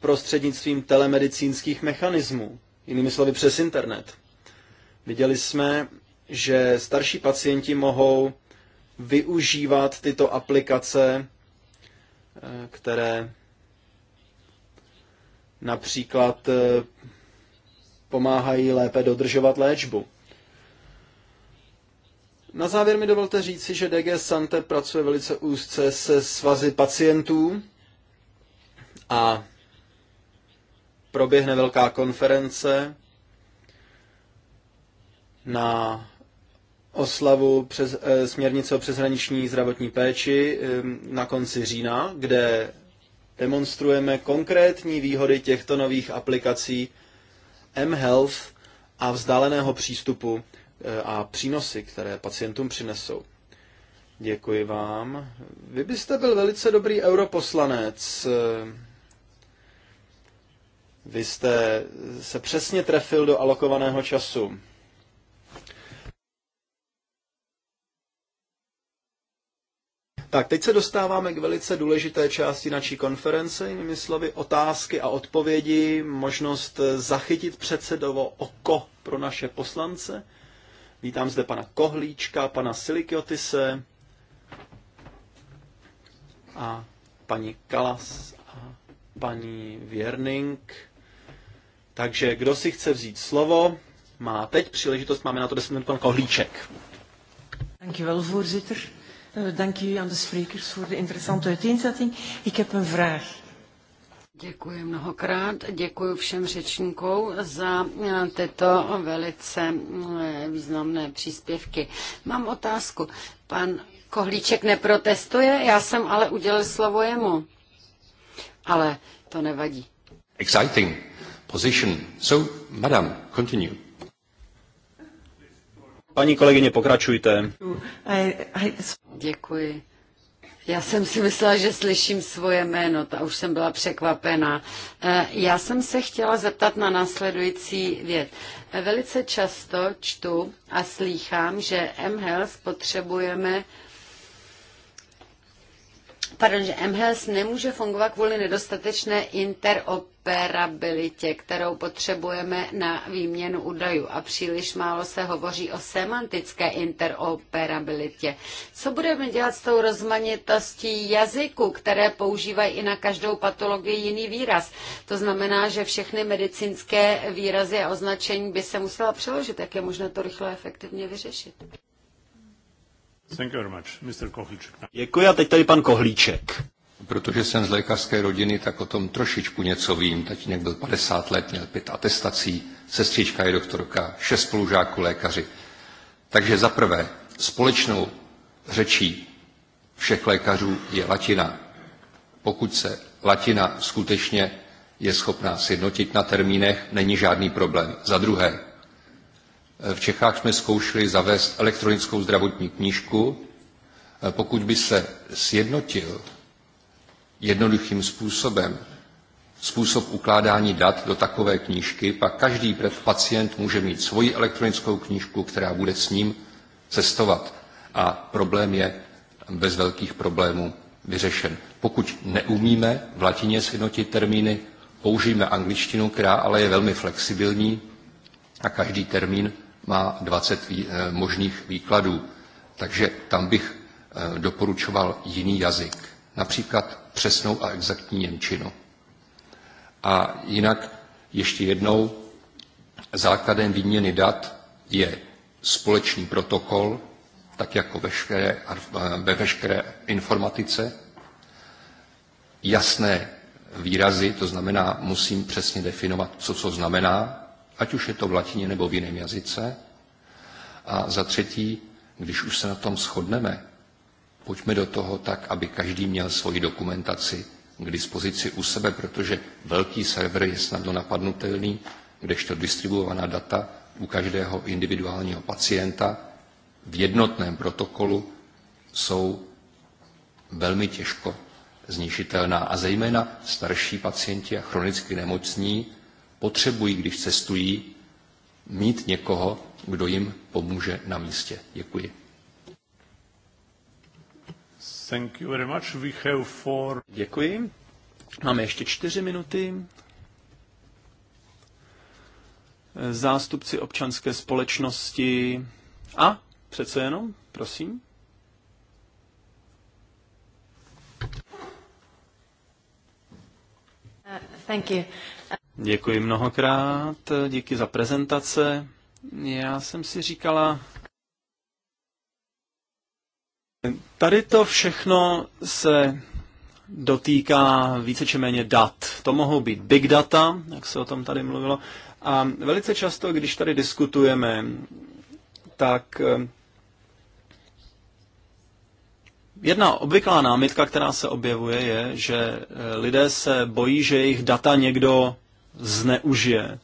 prostřednictvím telemedicínských mechanismů, jinými slovy přes internet. Viděli jsme, že starší pacienti mohou využívat tyto aplikace, eh, které například eh, pomáhají lépe dodržovat léčbu. Na závěr mi dovolte říci, že DG Sante pracuje velice úzce se svazy pacientů a proběhne velká konference na oslavu přes, e, směrnice o přeshraniční zdravotní péči e, na konci října, kde demonstrujeme konkrétní výhody těchto nových aplikací mHealth a vzdáleného přístupu e, a přínosy, které pacientům přinesou. Děkuji vám. Vy byste byl velice dobrý europoslanec. E, vy jste se přesně trefil do alokovaného času. Tak, teď se dostáváme k velice důležité části naší konference, jinými slovy otázky a odpovědi, možnost zachytit předsedovo oko pro naše poslance. Vítám zde pana Kohlíčka, pana Silikiotise a paní Kalas a paní Věrning. Takže kdo si chce vzít slovo, má teď příležitost, máme na to 10 minut pan Kohlíček. Dankjewel, voorzitter. Eh, dank u aan de sprekers voor de interessante uiteenzetting. Ik heb een vraag. Děkuji mnohokrát, děkuji všem řečníkům za eh, tyto velice eh, významné příspěvky. Mám otázku. Pan Kohlíček neprotestuje, já jsem ale udělal slovo jemu. Ale to nevadí. Exciting position. So, madam, continue. Paní kolegyně, pokračujte. Děkuji. Já jsem si myslela, že slyším svoje jméno, a už jsem byla překvapená. Eh, já jsem se chtěla zeptat na následující věc. Eh, velice často čtu a slýchám, že M. Health potřebujeme pardon, že MHS nemůže fungovat kvůli nedostatečné interoperabilitě, kterou potřebujeme na výměnu údajů a příliš málo se hovoří o semantické interoperabilitě. Co budeme dělat s tou rozmanitostí jazyku, které používají i na každou patologii jiný výraz? To znamená, že všechny medicínské výrazy a označení by se musela přeložit. Jak je možné to rychle a efektivně vyřešit? Děkuji a teď tady pan Kohlíček. Protože jsem z lékařské rodiny, tak o tom trošičku něco vím. Tatínek byl 50 let, měl pět atestací, sestřička je doktorka, šest spolužáků lékaři. Takže za prvé, společnou řečí všech lékařů je latina. Pokud se latina skutečně je schopná sjednotit na termínech, není žádný problém. Za druhé, v Čechách jsme zkoušeli zavést elektronickou zdravotní knížku. Pokud by se sjednotil jednoduchým způsobem způsob ukládání dat do takové knížky, pak každý pacient může mít svoji elektronickou knížku, která bude s ním cestovat. A problém je bez velkých problémů vyřešen. Pokud neumíme v latině sjednotit termíny, použijeme angličtinu, která ale je velmi flexibilní a každý termín má 20 eh, možných výkladů. Takže tam bych eh, doporučoval jiný jazyk, například přesnou a exaktní Němčinu. A jinak ještě jednou, základem výměny dat je společný protokol, tak jako veškeré, ve veškeré informatice, jasné výrazy, to znamená, musím přesně definovat, co co znamená, ať už je to v latině nebo v jiném jazyce. A za třetí, když už se na tom shodneme, pojďme do toho tak, aby každý měl svoji dokumentaci k dispozici u sebe, protože velký server je snadno napadnutelný, kdežto distribuovaná data u každého individuálního pacienta v jednotném protokolu jsou velmi těžko zničitelná. A zejména starší pacienti a chronicky nemocní potřebují, když cestují, mít někoho, kdo jim pomůže na místě. Děkuji. Thank you very much. We have four... Děkuji. Máme ještě čtyři minuty. Zástupci občanské společnosti. A přece jenom, prosím. Uh, thank you. Děkuji mnohokrát, díky za prezentace. Já jsem si říkala, tady to všechno se dotýká více či méně dat. To mohou být big data, jak se o tom tady mluvilo. A velice často, když tady diskutujeme, tak eh, Jedna obvyklá námitka, která se objevuje, je, že eh, lidé se bojí, že jejich data někdo zneužije.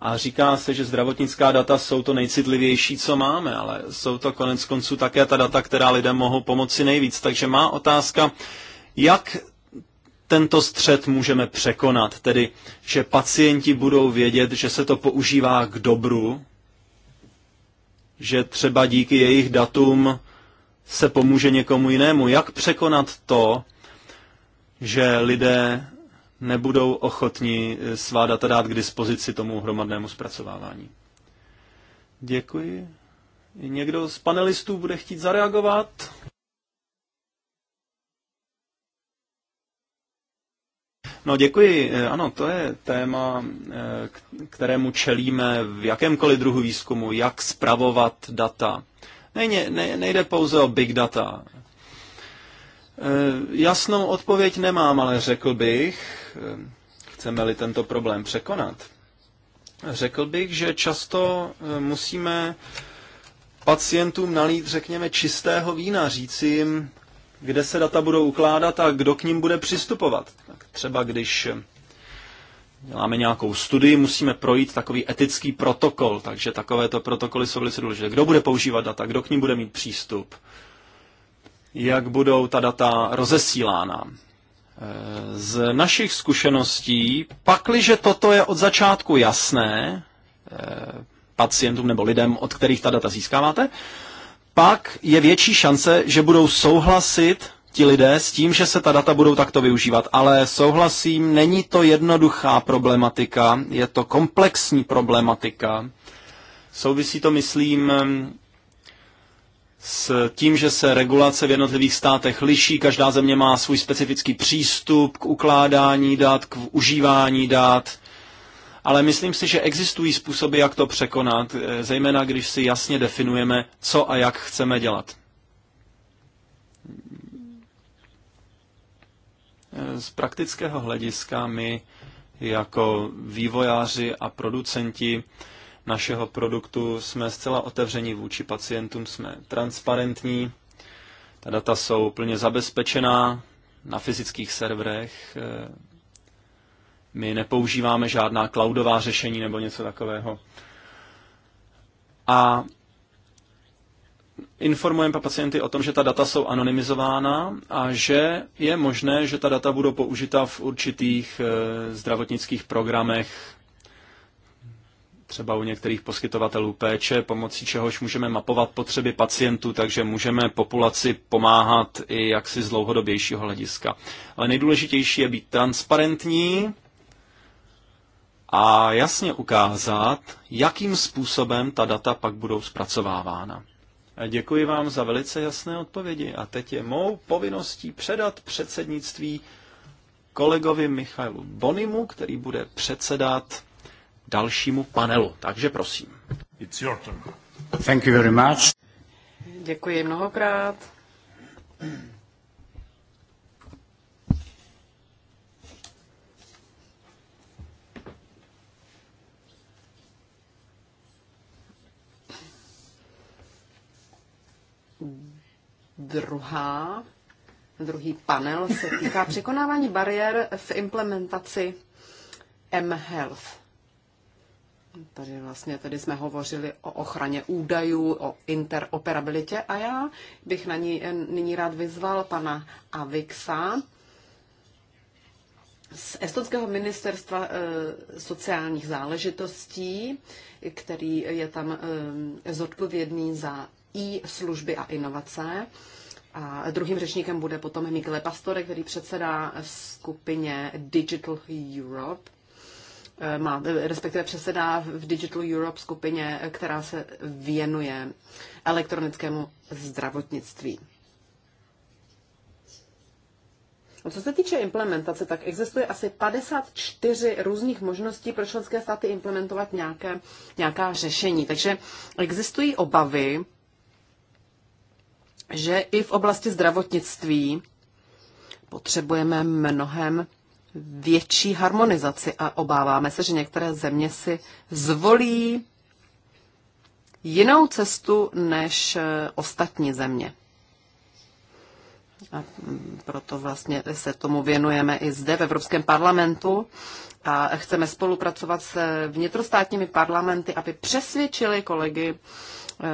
A říká se, že zdravotnická data jsou to nejcitlivější, co máme, ale jsou to konec konců také ta data, která lidem mohou pomoci nejvíc. Takže má otázka, jak tento střed můžeme překonat, tedy že pacienti budou vědět, že se to používá k dobru, že třeba díky jejich datům se pomůže někomu jinému. Jak překonat to, že lidé nebudou ochotni eh, svá data dát k dispozici tomu hromadnému zpracovávání. Děkuji. Někdo z panelistů bude chtít zareagovat? No děkuji. Eh, ano, to je téma, eh, kterému čelíme v jakémkoliv druhu výzkumu, jak spravovat data. nejde pouze o big data. Eh, jasnou odpověď nemám, ale řekl bych, eh, chceme-li tento problém překonat, řekl bych, že často eh, musíme pacientům nalít, řekněme, čistého vína, říci jim, kde se data budou ukládat a kdo k ním bude přistupovat. Tak třeba když děláme nějakou studii, musíme projít takový etický protokol, takže takovéto protokoly jsou velice důležité. Kdo bude používat data, kdo k ním bude mít přístup, jak budou ta data rozesílána. E, z našich zkušeností, pakliže toto je od začátku jasné e, pacientům nebo lidem, od kterých ta data získáváte, pak je větší šance, že budou souhlasit ti lidé s tím, že se ta data budou takto využívat. Ale souhlasím, není to jednoduchá problematika, je to komplexní problematika. Souvisí to, myslím, s tím, že se regulace v jednotlivých státech liší, každá země má svůj specifický přístup k ukládání dát, k užívání dát, ale myslím si, že existují způsoby, jak to překonat, eh, zejména když si jasně definujeme, co a jak chceme dělat. Eh, z praktického hlediska my jako vývojáři a producenti našeho produktu. Jsme zcela otevření vůči pacientům, jsme transparentní, ta data jsou plně zabezpečená na fyzických serverech. My nepoužíváme žádná cloudová řešení nebo něco takového. A informujeme pacienty o tom, že ta data jsou anonymizována a že je možné, že ta data budou použita v určitých eh, zdravotnických programech třeba u některých poskytovatelů péče, pomocí čehož můžeme mapovat potřeby pacientů, takže můžeme populaci pomáhat i jaksi z dlouhodobějšího hlediska. Ale nejdůležitější je být transparentní a jasně ukázat, jakým způsobem ta data pak budou zpracovávána. Děkuji vám za velice jasné odpovědi a teď je mou povinností předat předsednictví kolegovi Michailu Bonimu, který bude předsedat dalšímu panelu. Takže prosím. It's your turn. Thank you very much. Děkuji mnohokrát. Druhá, druhý panel se týká překonávání bariér v implementaci mHealth. Tady vlastně tady jsme hovořili o ochraně údajů, o interoperabilitě a já bych na ní eh, nyní rád vyzval pana Avixa z Estonského ministerstva eh, sociálních záležitostí, který je tam eh, zodpovědný za i služby a inovace. A druhým řečníkem bude potom Mikele Pastore, který předsedá skupině Digital Europe. Eh, má, respektive předsedá v Digital Europe skupině, eh, která se věnuje elektronickému zdravotnictví. No, co se týče implementace, tak existuje asi 54 různých možností pro členské státy implementovat nějaké, nějaká řešení. Takže existují obavy, že i v oblasti zdravotnictví potřebujeme mnohem větší harmonizaci a obáváme se, že některé země si zvolí jinou cestu než eh, ostatní země. A mm, proto vlastně se tomu věnujeme i zde v Evropském parlamentu a chceme spolupracovat s vnitrostátními parlamenty, aby přesvědčili kolegy eh,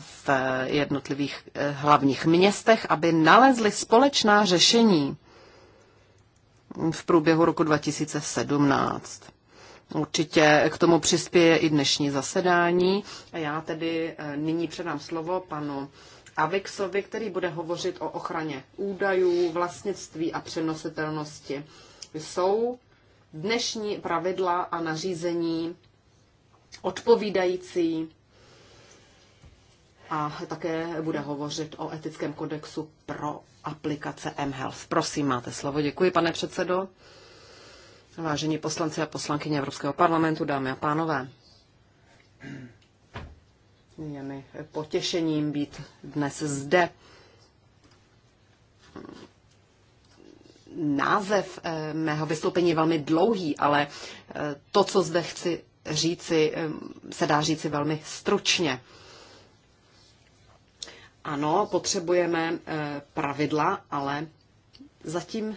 v jednotlivých eh, hlavních městech, aby nalezli společná řešení v průběhu roku 2017. Určitě k tomu přispěje i dnešní zasedání. A já tedy eh, nyní předám slovo panu Avixovi, který bude hovořit o ochraně údajů, vlastnictví a přenositelnosti. Jsou dnešní pravidla a nařízení odpovídající a také bude hovořit o etickém kodexu pro aplikace mHealth. Prosím, máte slovo. Děkuji, pane předsedo. Vážení poslanci a poslankyně Evropského parlamentu, dámy a pánové. Je mi potěšením být dnes zde. Název eh, mého vystoupení je velmi dlouhý, ale eh, to, co zde chci říci, eh, se dá říci velmi stručně. Ano, potřebujeme eh, pravidla, ale zatím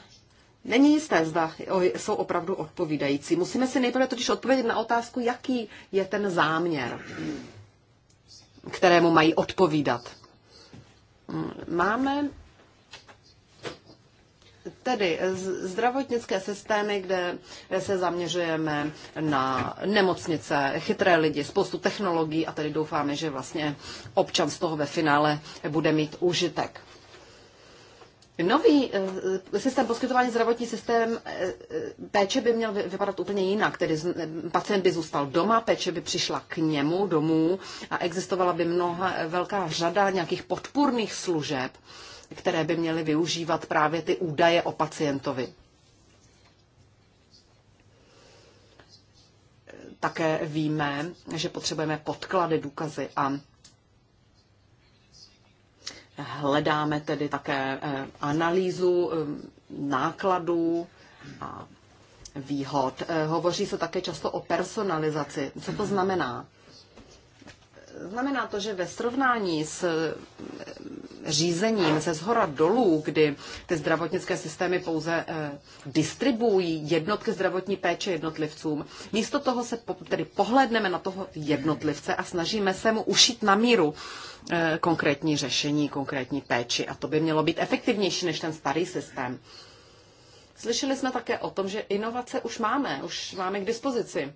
není jisté, zda jsou opravdu odpovídající. Musíme si nejprve totiž odpovědět na otázku, jaký je ten záměr, kterému mají odpovídat. Mm, máme Tedy zdravotnické systémy, kde se zaměřujeme na nemocnice, chytré lidi, spoustu technologií a tedy doufáme, že vlastně občan z toho ve finále bude mít užitek. Nový eh, systém poskytování zdravotní systém eh, eh, péče by měl vypadat úplně jinak, tedy pacient by zůstal doma, péče by přišla k němu domů a existovala by mnoha velká řada nějakých podpůrných služeb, které by měly využívat právě ty údaje o pacientovi. Také víme, že potřebujeme podklady, důkazy a hledáme tedy také eh, analýzu eh, nákladů a výhod. Eh, hovoří se také často o personalizaci. Co to znamená? Znamená to, že ve srovnání s řízením ze zhora dolů, kdy ty zdravotnické systémy pouze eh, distribuují jednotky zdravotní péče jednotlivcům. Místo toho se po, tedy pohledneme na toho jednotlivce a snažíme se mu ušít na míru eh, konkrétní řešení, konkrétní péči. A to by mělo být efektivnější než ten starý systém. Slyšeli jsme také o tom, že inovace už máme, už máme k dispozici.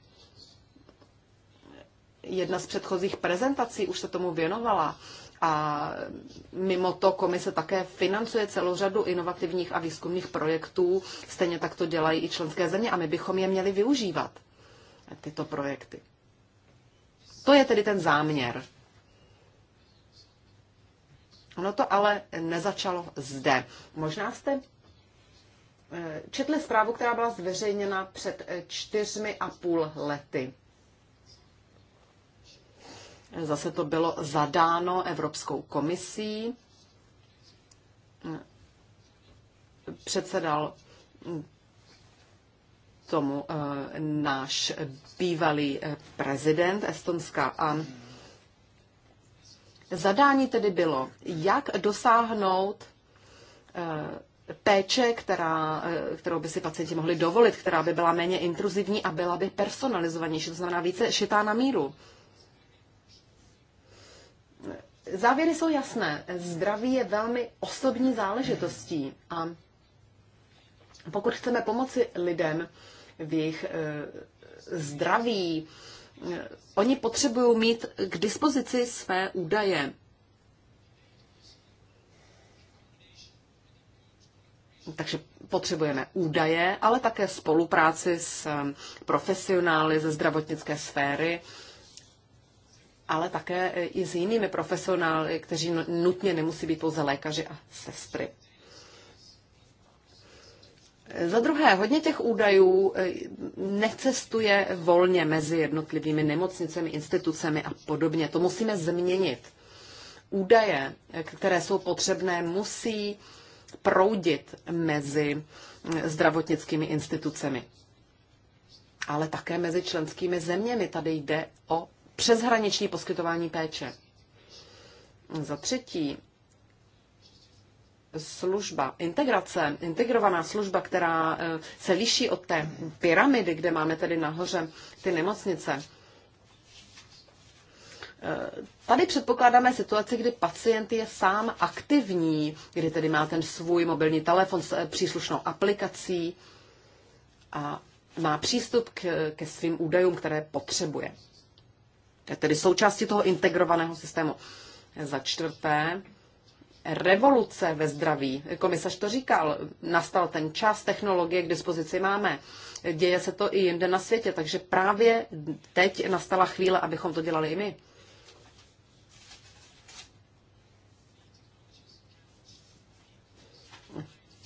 Jedna z předchozích prezentací už se tomu věnovala. A mimo to komise také financuje celou řadu inovativních a výzkumných projektů. Stejně tak to dělají i členské země a my bychom je měli využívat, tyto projekty. To je tedy ten záměr. Ono to ale nezačalo zde. Možná jste eh, četli zprávu, která byla zveřejněna před eh, čtyřmi a půl lety. Zase to bylo zadáno Evropskou komisí. Předsedal tomu eh, náš bývalý eh, prezident Estonska a zadání tedy bylo, jak dosáhnout eh, péče, která, kterou by si pacienti mohli dovolit, která by byla méně intruzivní a byla by personalizovanější, to znamená více šitá na míru. Závěry jsou jasné. Zdraví je velmi osobní záležitostí a pokud chceme pomoci lidem v jejich e, zdraví, e, oni potřebují mít k dispozici své údaje. Takže potřebujeme údaje, ale také spolupráci s profesionály ze zdravotnické sféry, ale také i s jinými profesionály, kteří nutně nemusí být pouze lékaři a sestry. Za druhé, hodně těch údajů e, necestuje volně mezi jednotlivými nemocnicemi, institucemi a podobně. To musíme změnit. Údaje, e, které jsou potřebné, musí proudit mezi zdravotnickými institucemi, ale také mezi členskými zeměmi. Tady jde o přeshraniční poskytování péče. Za třetí, služba, integrace, integrovaná služba, která eh, se liší od té pyramidy, kde máme tedy nahoře ty nemocnice. Eh, tady předpokládáme situaci, kdy pacient je sám aktivní, kdy tedy má ten svůj mobilní telefon s eh, příslušnou aplikací a má přístup k, ke svým údajům, které potřebuje tedy součástí toho integrovaného systému. Za čtvrté, revoluce ve zdraví. Komisař to říkal, nastal ten čas, technologie k dispozici máme. Děje se to i jinde na světě, takže právě teď nastala chvíle, abychom to dělali i my.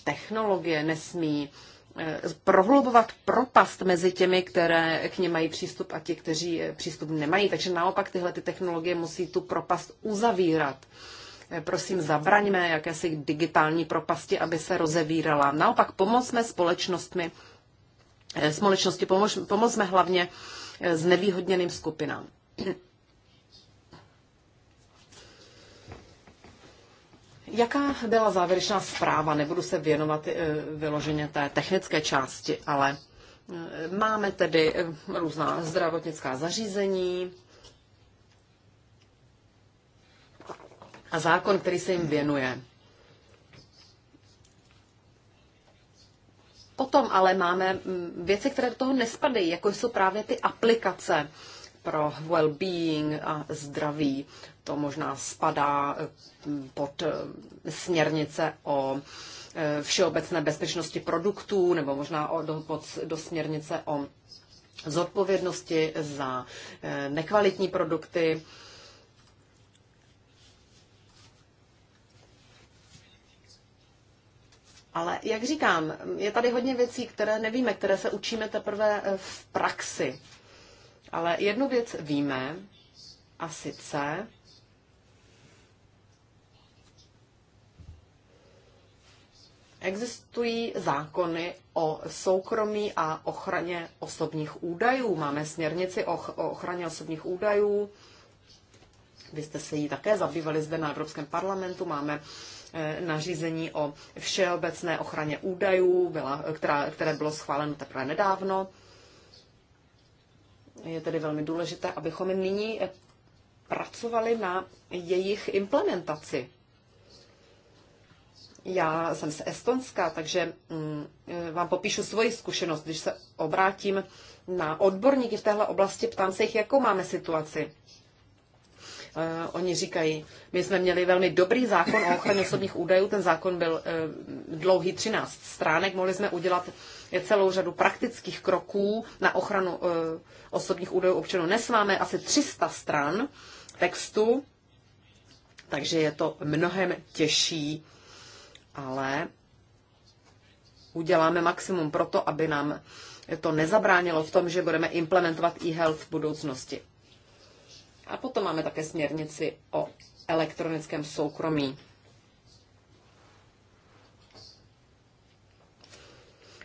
Technologie nesmí Eh, prohlubovat propast mezi těmi, které k ně mají přístup a ti, kteří eh, přístup nemají. Takže naopak tyhle ty technologie musí tu propast uzavírat. Eh, prosím, zabraňme jakési digitální propasti, aby se rozevírala. Naopak pomozme společnostmi, společnosti, pomozme hlavně znevýhodněným skupinám. Jaká byla závěrečná zpráva? Nebudu se věnovat eh, vyloženě té technické části, ale eh, máme tedy eh, různá zdravotnická zařízení a zákon, který se jim věnuje. Potom ale máme mm, věci, které do toho nespadají, jako jsou právě ty aplikace pro well-being a zdraví. To možná spadá eh, pod eh, směrnice o eh, všeobecné bezpečnosti produktů nebo možná do směrnice o zodpovědnosti za nekvalitní produkty. Ale jak říkám, je tady hodně věcí, které nevíme, které se učíme teprve v praxi. Ale jednu věc víme, a sice, Existují zákony o soukromí a ochraně osobních údajů. Máme směrnici o ochraně osobních údajů. Vy jste se jí také zabývali zde na Evropském parlamentu. Máme eh, nařízení o všeobecné ochraně údajů, byla, která, které bylo schváleno teprve nedávno. Je tedy velmi důležité, abychom nyní eh, pracovali na jejich implementaci. Já jsem z Estonska, takže mm, eh, vám popíšu svoji zkušenost. Když se obrátím na odborníky v téhle oblasti, ptám se jich, jakou máme situaci. Eh, oni říkají, my jsme měli velmi dobrý zákon o ochraně osobních údajů, ten zákon byl dlouhý 13 stránek, mohli jsme udělat celou řadu praktických kroků na ochranu eh, osobních údajů občanů. Dnes máme asi 300 stran textu, takže je to mnohem těžší, ale uděláme maximum pro to, aby nám to nezabránilo v tom, že budeme implementovat e-health v budoucnosti. A potom máme také směrnici o elektronickém soukromí.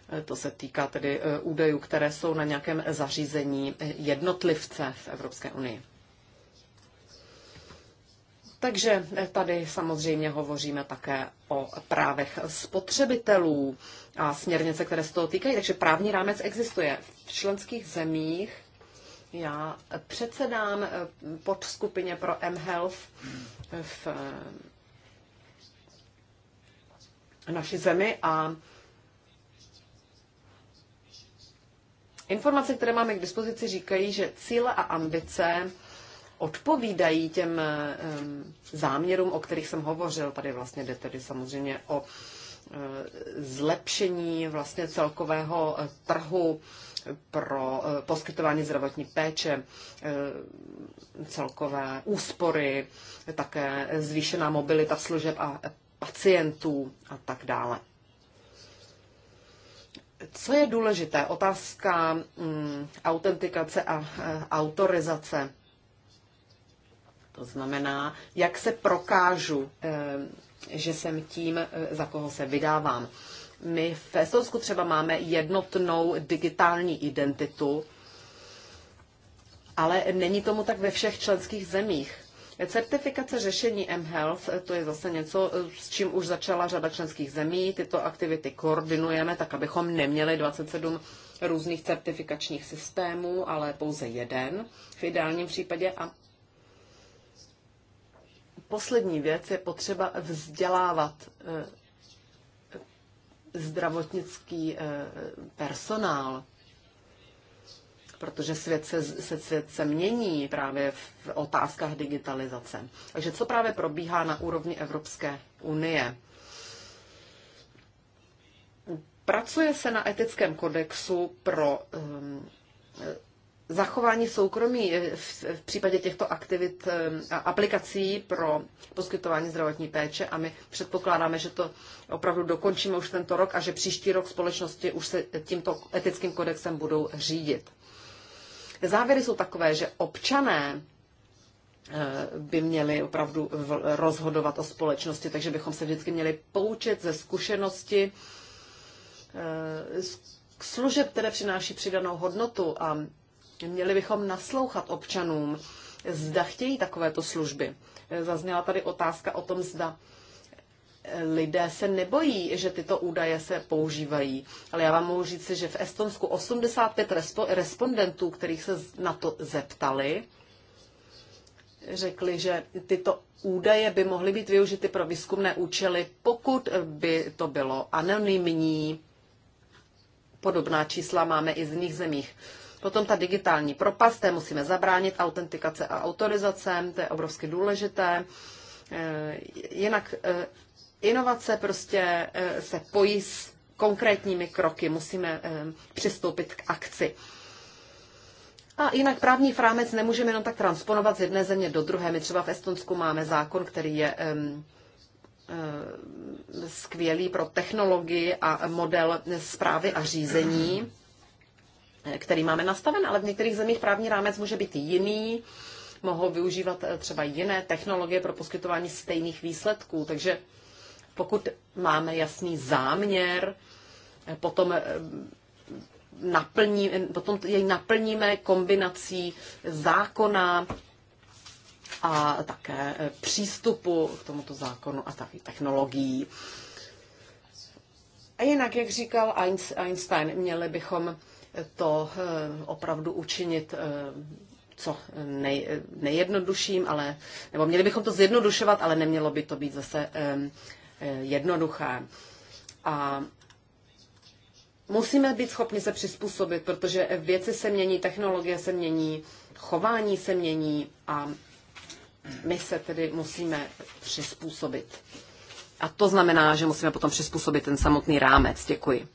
Eh, to se týká tedy eh, údajů, které jsou na nějakém zařízení eh, jednotlivce v Evropské unii. Takže tady samozřejmě hovoříme také o právech spotřebitelů a směrnice, které se toho týkají. Takže právní rámec existuje v členských zemích. Já předsedám pod skupině pro mHealth v naší zemi a Informace, které máme k dispozici, říkají, že cíle a ambice odpovídají těm záměrům, o kterých jsem hovořil. Tady vlastně jde tedy samozřejmě o eh, zlepšení vlastně celkového eh, trhu pro eh, poskytování zdravotní péče, celkové úspory, také zvýšená mobilita služeb a pacientů a tak dále. Co je důležité? Otázka mm, autentikace a e, autorizace. To znamená, jak se prokážu, e, že jsem tím, e, za koho se vydávám. My v Estonsku třeba máme jednotnou digitální identitu, ale není tomu tak ve všech členských zemích. Certifikace řešení mHealth, to je zase něco, s čím už začala řada členských zemí. Tyto aktivity koordinujeme tak, abychom neměli 27 různých certifikačních systémů, ale pouze jeden v ideálním případě. A poslední věc je potřeba vzdělávat eh, zdravotnický eh, personál protože svět se, se, svět se mění právě v otázkách digitalizace. Takže co právě probíhá na úrovni Evropské unie? Pracuje se na etickém kodexu pro um, zachování soukromí eh, v, v případě těchto aktivit um, aplikací pro poskytování zdravotní péče a my předpokládáme, že to opravdu dokončíme už tento rok a že příští rok společnosti už se tímto etickým kodexem budou řídit. Závěry jsou takové, že občané eh, by měli opravdu rozhodovat o společnosti, takže bychom se vždycky měli poučit ze zkušenosti eh, služeb, které přináší přidanou hodnotu a měli bychom naslouchat občanům, zda chtějí takovéto služby. Eh, zazněla tady otázka o tom, zda lidé se nebojí, že tyto údaje se používají. Ale já vám mohu říct, že v Estonsku 85 respondentů, kterých se na to zeptali, řekli, že tyto údaje by mohly být využity pro výzkumné účely, pokud by to bylo anonymní. Podobná čísla máme i z jiných zemích. Potom ta digitální propast, té musíme zabránit, autentikace a autorizace, to je obrovsky důležité. Eh, jinak eh, Inovace prostě eh, se pojí s konkrétními kroky, musíme eh, přistoupit k akci. A jinak právní frámec nemůžeme jenom tak transponovat z jedné země do druhé. My třeba v Estonsku máme zákon, který je skvělý pro technologii a model zprávy a řízení, který máme nastaven, ale v některých zemích právní rámec může být jiný, mohou využívat eh, třeba jiné technologie pro poskytování stejných výsledků. Takže pokud máme jasný záměr, potom eh, naplní, potom jej naplníme kombinací zákona a také eh, přístupu k tomuto zákonu a taky technologií. A jinak, jak říkal Einstein, měli bychom eh, to opravdu učinit co nej, nejjednodušším, ale, nebo měli bychom to zjednodušovat, ale nemělo by to být zase Eh, jednoduché. A musíme být schopni se přizpůsobit, protože věci se mění, technologie se mění, chování se mění a my se tedy musíme přizpůsobit. A to znamená, že musíme potom přizpůsobit ten samotný rámec. Děkuji.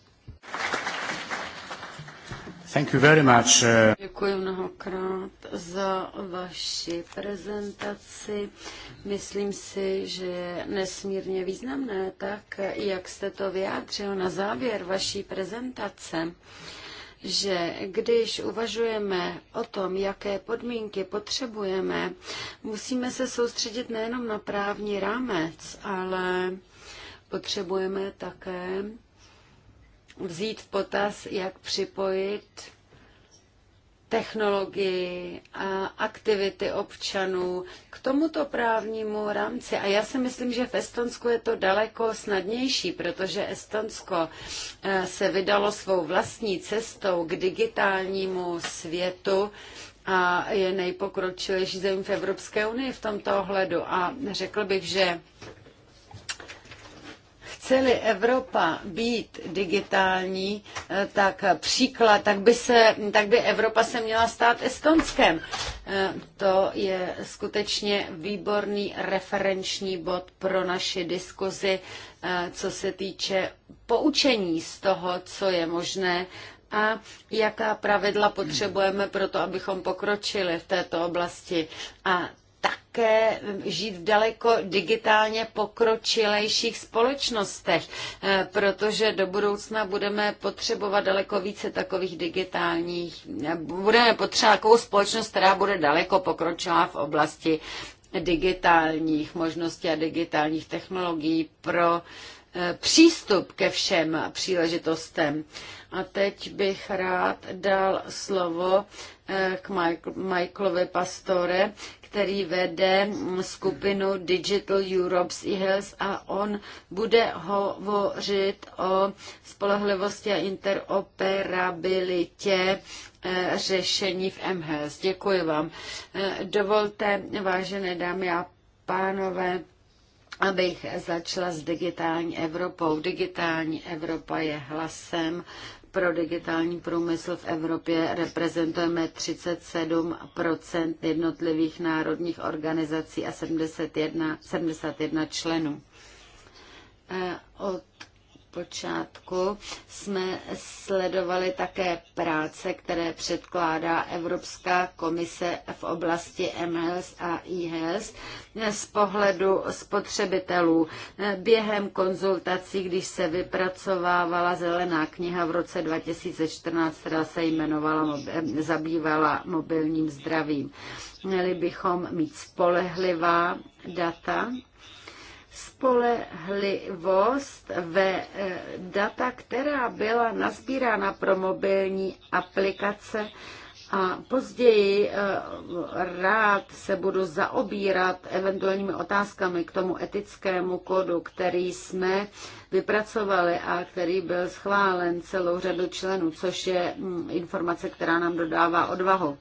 Thank you very much. Uh, Děkuji mnohokrát za vaši prezentaci. Myslím si, že je nesmírně významné, tak jak jste to vyjádřil na závěr vaší prezentace že když uvažujeme o tom, jaké podmínky potřebujeme, musíme se soustředit nejenom na právní rámec, ale potřebujeme také vzít v potaz, jak připojit technologii a aktivity občanů k tomuto právnímu rámci. A já si myslím, že v Estonsku je to daleko snadnější, protože Estonsko eh, se vydalo svou vlastní cestou k digitálnímu světu a je nejpokročilejší zemí v Evropské unii v tomto ohledu. A řekl bych, že Chce-li Evropa být digitální, eh, tak příklad, tak by, se, tak by Evropa se měla stát Estonskem. Eh, to je skutečně výborný referenční bod pro naši diskuzi, eh, co se týče poučení z toho, co je možné a jaká pravidla potřebujeme pro to, abychom pokročili v této oblasti. A také žít v daleko digitálně pokročilejších společnostech, eh, protože do budoucna budeme potřebovat daleko více takových digitálních, eh, budeme potřebovat takovou společnost, která bude daleko pokročilá v oblasti digitálních možností a digitálních technologií pro eh, přístup ke všem příležitostem. A teď bych rád dal slovo k Michaelovi Pastore, který vede skupinu Digital Europe z health a on bude hovořit o spolehlivosti a interoperabilitě eh, řešení v MHS. Děkuji vám. Eh, dovolte, vážené dámy a pánové, abych začala s digitální Evropou. Digitální Evropa je hlasem pro digitální průmysl v Evropě reprezentujeme 37 jednotlivých národních organizací a 71, 71 členů. Eh, od počátku jsme sledovali také práce, které předkládá Evropská komise v oblasti MLS a IHS z pohledu spotřebitelů. Během konzultací, když se vypracovávala zelená kniha v roce 2014, která se jmenovala, zabývala mobilním zdravím, měli bychom mít spolehlivá data spolehlivost ve eh, data, která byla nazbírána pro mobilní aplikace a později eh, rád se budu zaobírat eventuálními otázkami k tomu etickému kodu, který jsme vypracovali a který byl schválen celou řadu členů, což je mm, informace, která nám dodává odvahu.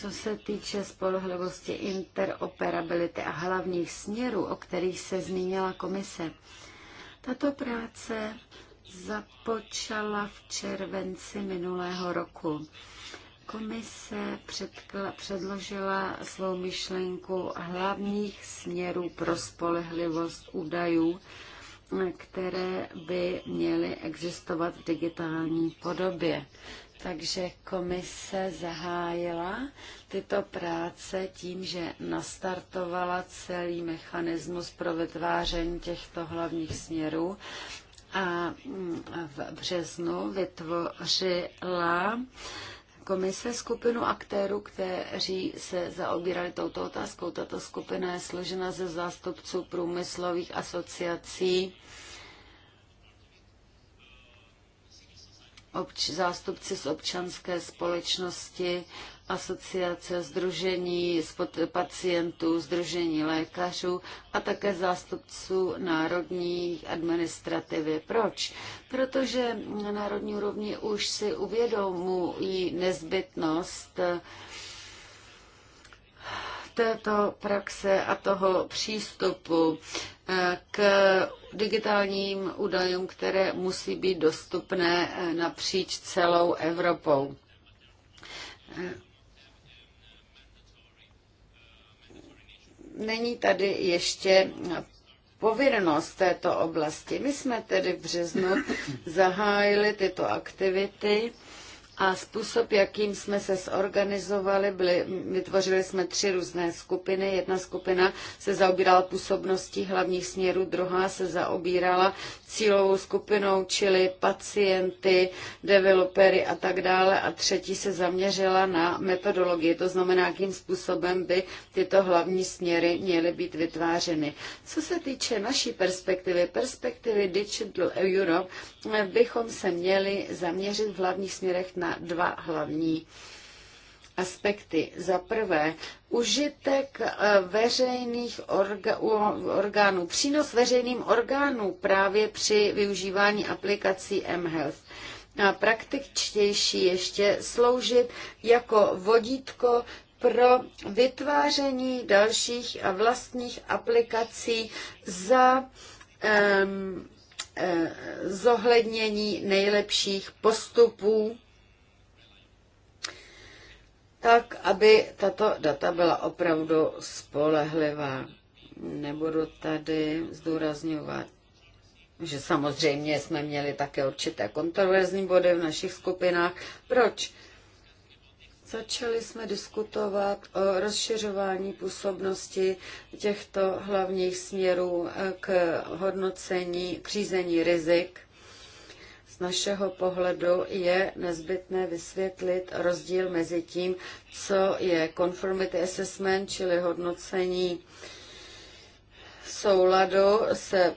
Co se týče spolehlivosti interoperability a hlavních směrů, o kterých se zmínila komise, tato práce započala v červenci minulého roku. Komise předložila svou myšlenku hlavních směrů pro spolehlivost údajů, které by měly existovat v digitální podobě. Takže komise zahájila tyto práce tím, že nastartovala celý mechanismus pro vytváření těchto hlavních směrů mm, a v březnu vytvořila komise skupinu aktérů, kteří se zaobírali touto otázkou. Tato skupina je složena ze zástupců průmyslových asociací obč- zástupci z občanské společnosti, asociace, združení pacientů, združení lékařů a také zástupců národní administrativy. Proč? Protože na národní úrovni už si uvědomují nezbytnost eh, této praxe a toho přístupu eh, k digitálním údajům, které musí být dostupné eh, napříč celou Evropou. Eh, není tady ještě povinnost této oblasti. My jsme tedy v březnu zahájili tyto aktivity a způsob, jakým jsme se zorganizovali, byli, vytvořili jsme tři různé skupiny. Jedna skupina se zaobírala působností hlavních směrů, druhá se zaobírala cílovou skupinou, čili pacienty, developery a tak dále. A třetí se zaměřila na metodologii, to znamená, jakým způsobem by tyto hlavní směry měly být vytvářeny. Co se týče naší perspektivy, perspektivy Digital Europe, eh, bychom se měli zaměřit v hlavních směrech na dva hlavní aspekty. Za prvé, užitek eh, veřejných orga, orgánů, přínos veřejným orgánů právě při využívání aplikací mHealth a praktičtější ještě sloužit jako vodítko pro vytváření dalších a vlastních aplikací za um, zohlednění nejlepších postupů tak aby tato data byla opravdu spolehlivá. Nebudu tady zdůrazňovat, že samozřejmě jsme měli také určité kontroverzní body v našich skupinách. Proč? Začali jsme diskutovat o rozšiřování působnosti těchto hlavních směrů k hodnocení, k řízení rizik z našeho pohledu je nezbytné vysvětlit rozdíl mezi tím, co je conformity assessment, čili hodnocení souladu se eh,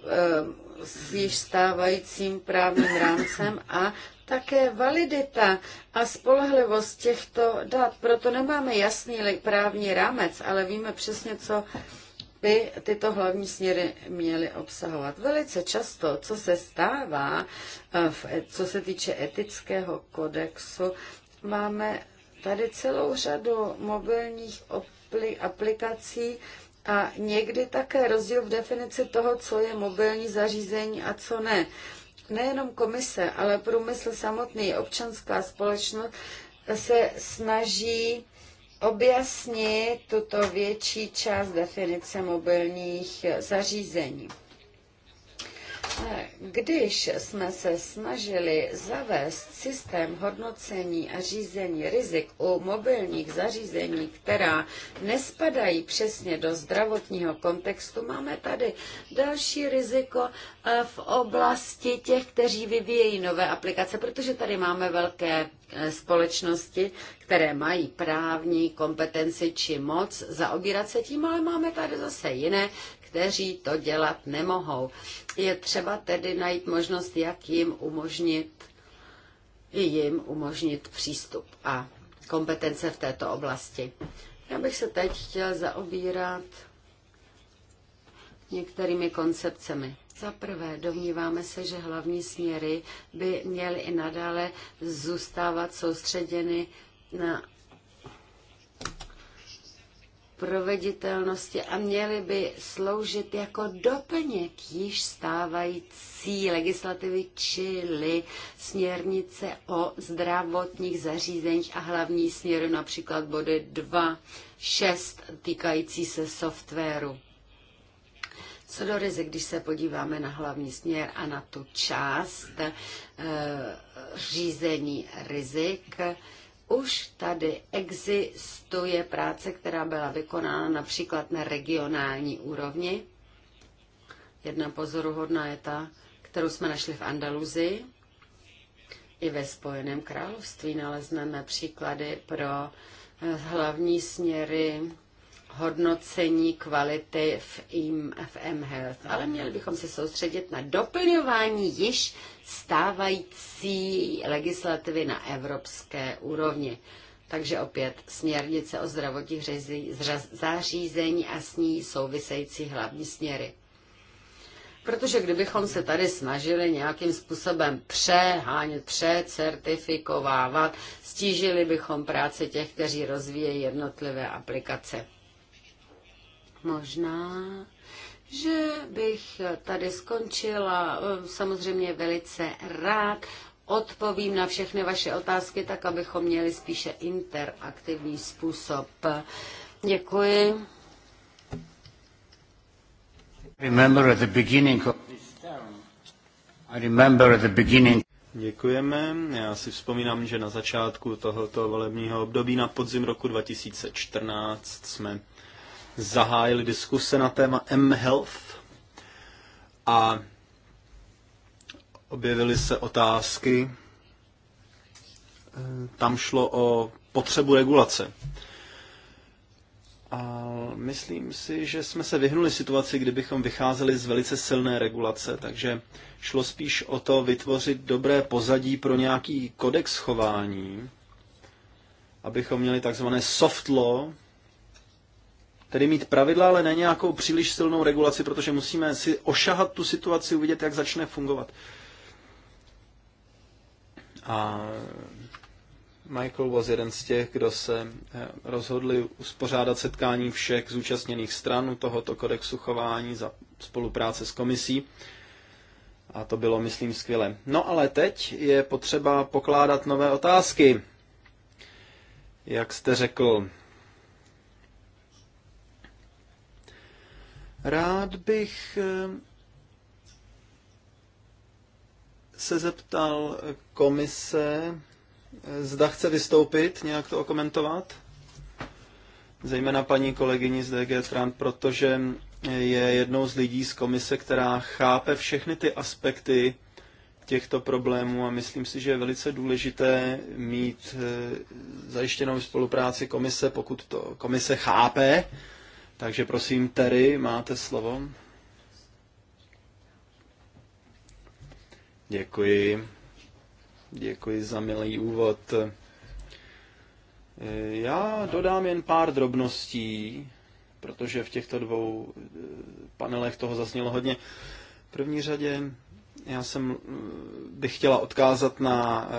s již stávajícím právním rámcem a také validita a spolehlivost těchto dat. Proto nemáme jasný právní rámec, ale víme přesně, co by tyto hlavní směry měly obsahovat. Velice často, co se stává, eh, e- co se týče etického kodexu, máme tady celou řadu mobilních aplikací, a někdy také rozdíl v definici toho, co je mobilní zařízení a co ne. Nejenom komise, ale průmysl samotný, občanská společnost se snaží objasnit tuto větší část definice mobilních zařízení. Když jsme se snažili zavést systém hodnocení a řízení rizik u mobilních zařízení, která nespadají přesně do zdravotního kontextu, máme tady další riziko eh, v oblasti těch, kteří vyvíjejí nové aplikace, protože tady máme velké eh, společnosti, které mají právní kompetenci či moc zaobírat se tím, ale máme tady zase jiné, kteří to dělat nemohou. Je třeba tedy najít možnost, jak jim umožnit, jim umožnit přístup a kompetence v této oblasti. Já bych se teď chtěla zaobírat některými koncepcemi. Za prvé, domníváme se, že hlavní směry by měly i nadále zůstávat soustředěny na proveditelnosti a měly by sloužit jako doplněk již stávající legislativy, čili směrnice o zdravotních zařízeních a hlavní směru například body 2, 6 týkající se softwaru. Co do rizik, když se podíváme na hlavní směr a na tu část e, řízení rizik, e, už tady existuje práce, která byla vykonána například na regionální úrovni. Jedna pozoruhodná je ta, kterou jsme našli v Andaluzii. I ve Spojeném království nalezneme příklady pro eh, hlavní směry hodnocení kvality v, FM Health, ale měli bychom se soustředit na doplňování již stávající legislativy na evropské úrovni. Takže opět směrnice o zdravotních zařízení a s ní související hlavní směry. Protože kdybychom se tady snažili nějakým způsobem přehánět, přecertifikovávat, stížili bychom práci těch, kteří rozvíjejí jednotlivé aplikace. Možná, že bych tady skončila. Samozřejmě velice rád odpovím na všechny vaše otázky, tak abychom měli spíše interaktivní způsob. Děkuji. Děkujeme. Já si vzpomínám, že na začátku tohoto volebního období na podzim roku 2014 jsme zahájili diskuse na téma mHealth a objevily se otázky. Eh, tam šlo o potřebu regulace. A myslím si, že jsme se vyhnuli situaci, kdybychom vycházeli z velice silné regulace, takže šlo spíš o to vytvořit dobré pozadí pro nějaký kodex chování, abychom měli takzvané soft law, Tedy mít pravidla, ale ne nějakou příliš silnou regulaci, protože musíme si ošahat tu situaci, uvidět, jak začne fungovat. A Michael was jeden z těch, kdo se eh, rozhodli uspořádat setkání všech zúčastněných stran u tohoto kodexu chování za spolupráce s komisí. A to bylo, myslím, skvělé. No ale teď je potřeba pokládat nové otázky. Jak jste řekl, Rád bych eh, se zeptal komise, eh, zda chce vystoupit, nějak to okomentovat, zejména paní kolegyni z DG Trump, protože je jednou z lidí z komise, která chápe všechny ty aspekty těchto problémů a myslím si, že je velice důležité mít eh, zajištěnou spolupráci komise, pokud to komise chápe, takže prosím, Terry, máte slovo. Děkuji. Děkuji za milý úvod. Já dodám jen pár drobností, protože v těchto dvou panelech toho zasnělo hodně. V první řadě já jsem eh, bych chtěla odkázat na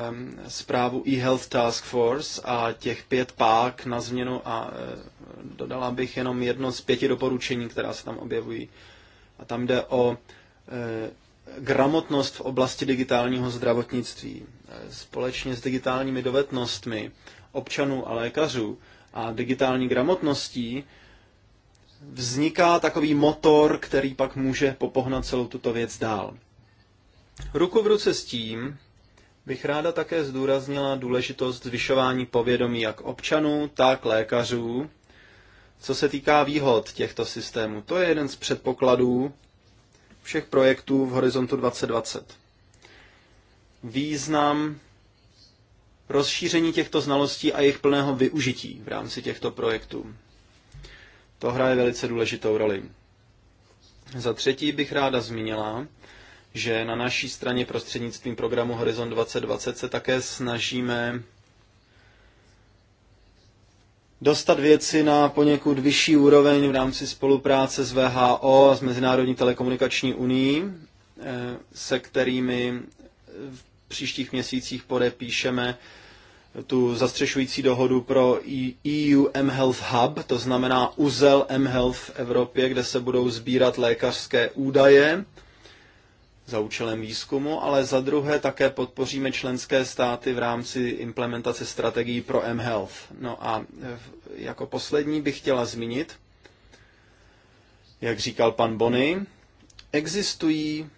zprávu e-Health Task Force a těch pět pák na změnu a eh, dodala bych jenom jedno z pěti doporučení, která se tam objevují. A tam jde o eh, gramotnost v oblasti digitálního zdravotnictví. Společně s digitálními dovednostmi občanů a lékařů a digitální gramotností vzniká takový motor, který pak může popohnat celou tuto věc dál. Ruku v ruce s tím bych ráda také zdůraznila důležitost zvyšování povědomí jak občanů, tak lékařů, co se týká výhod těchto systémů. To je jeden z předpokladů všech projektů v Horizontu 2020. Význam rozšíření těchto znalostí a jejich plného využití v rámci těchto projektů. To hraje velice důležitou roli. Za třetí bych ráda zmínila, že na naší straně prostřednictvím programu Horizon 2020 se také snažíme dostat věci na poněkud vyšší úroveň v rámci spolupráce s VHO a s Mezinárodní telekomunikační unii, eh, se kterými v příštích měsících podepíšeme tu zastřešující dohodu pro EU e mHealth Hub, to znamená uzel mHealth v Evropě, kde se budou sbírat lékařské údaje za účelem výzkumu, ale za druhé také podpoříme členské státy v rámci implementace strategií pro mHealth. No a e, jako poslední bych chtěla zmínit, jak říkal pan Bony, existují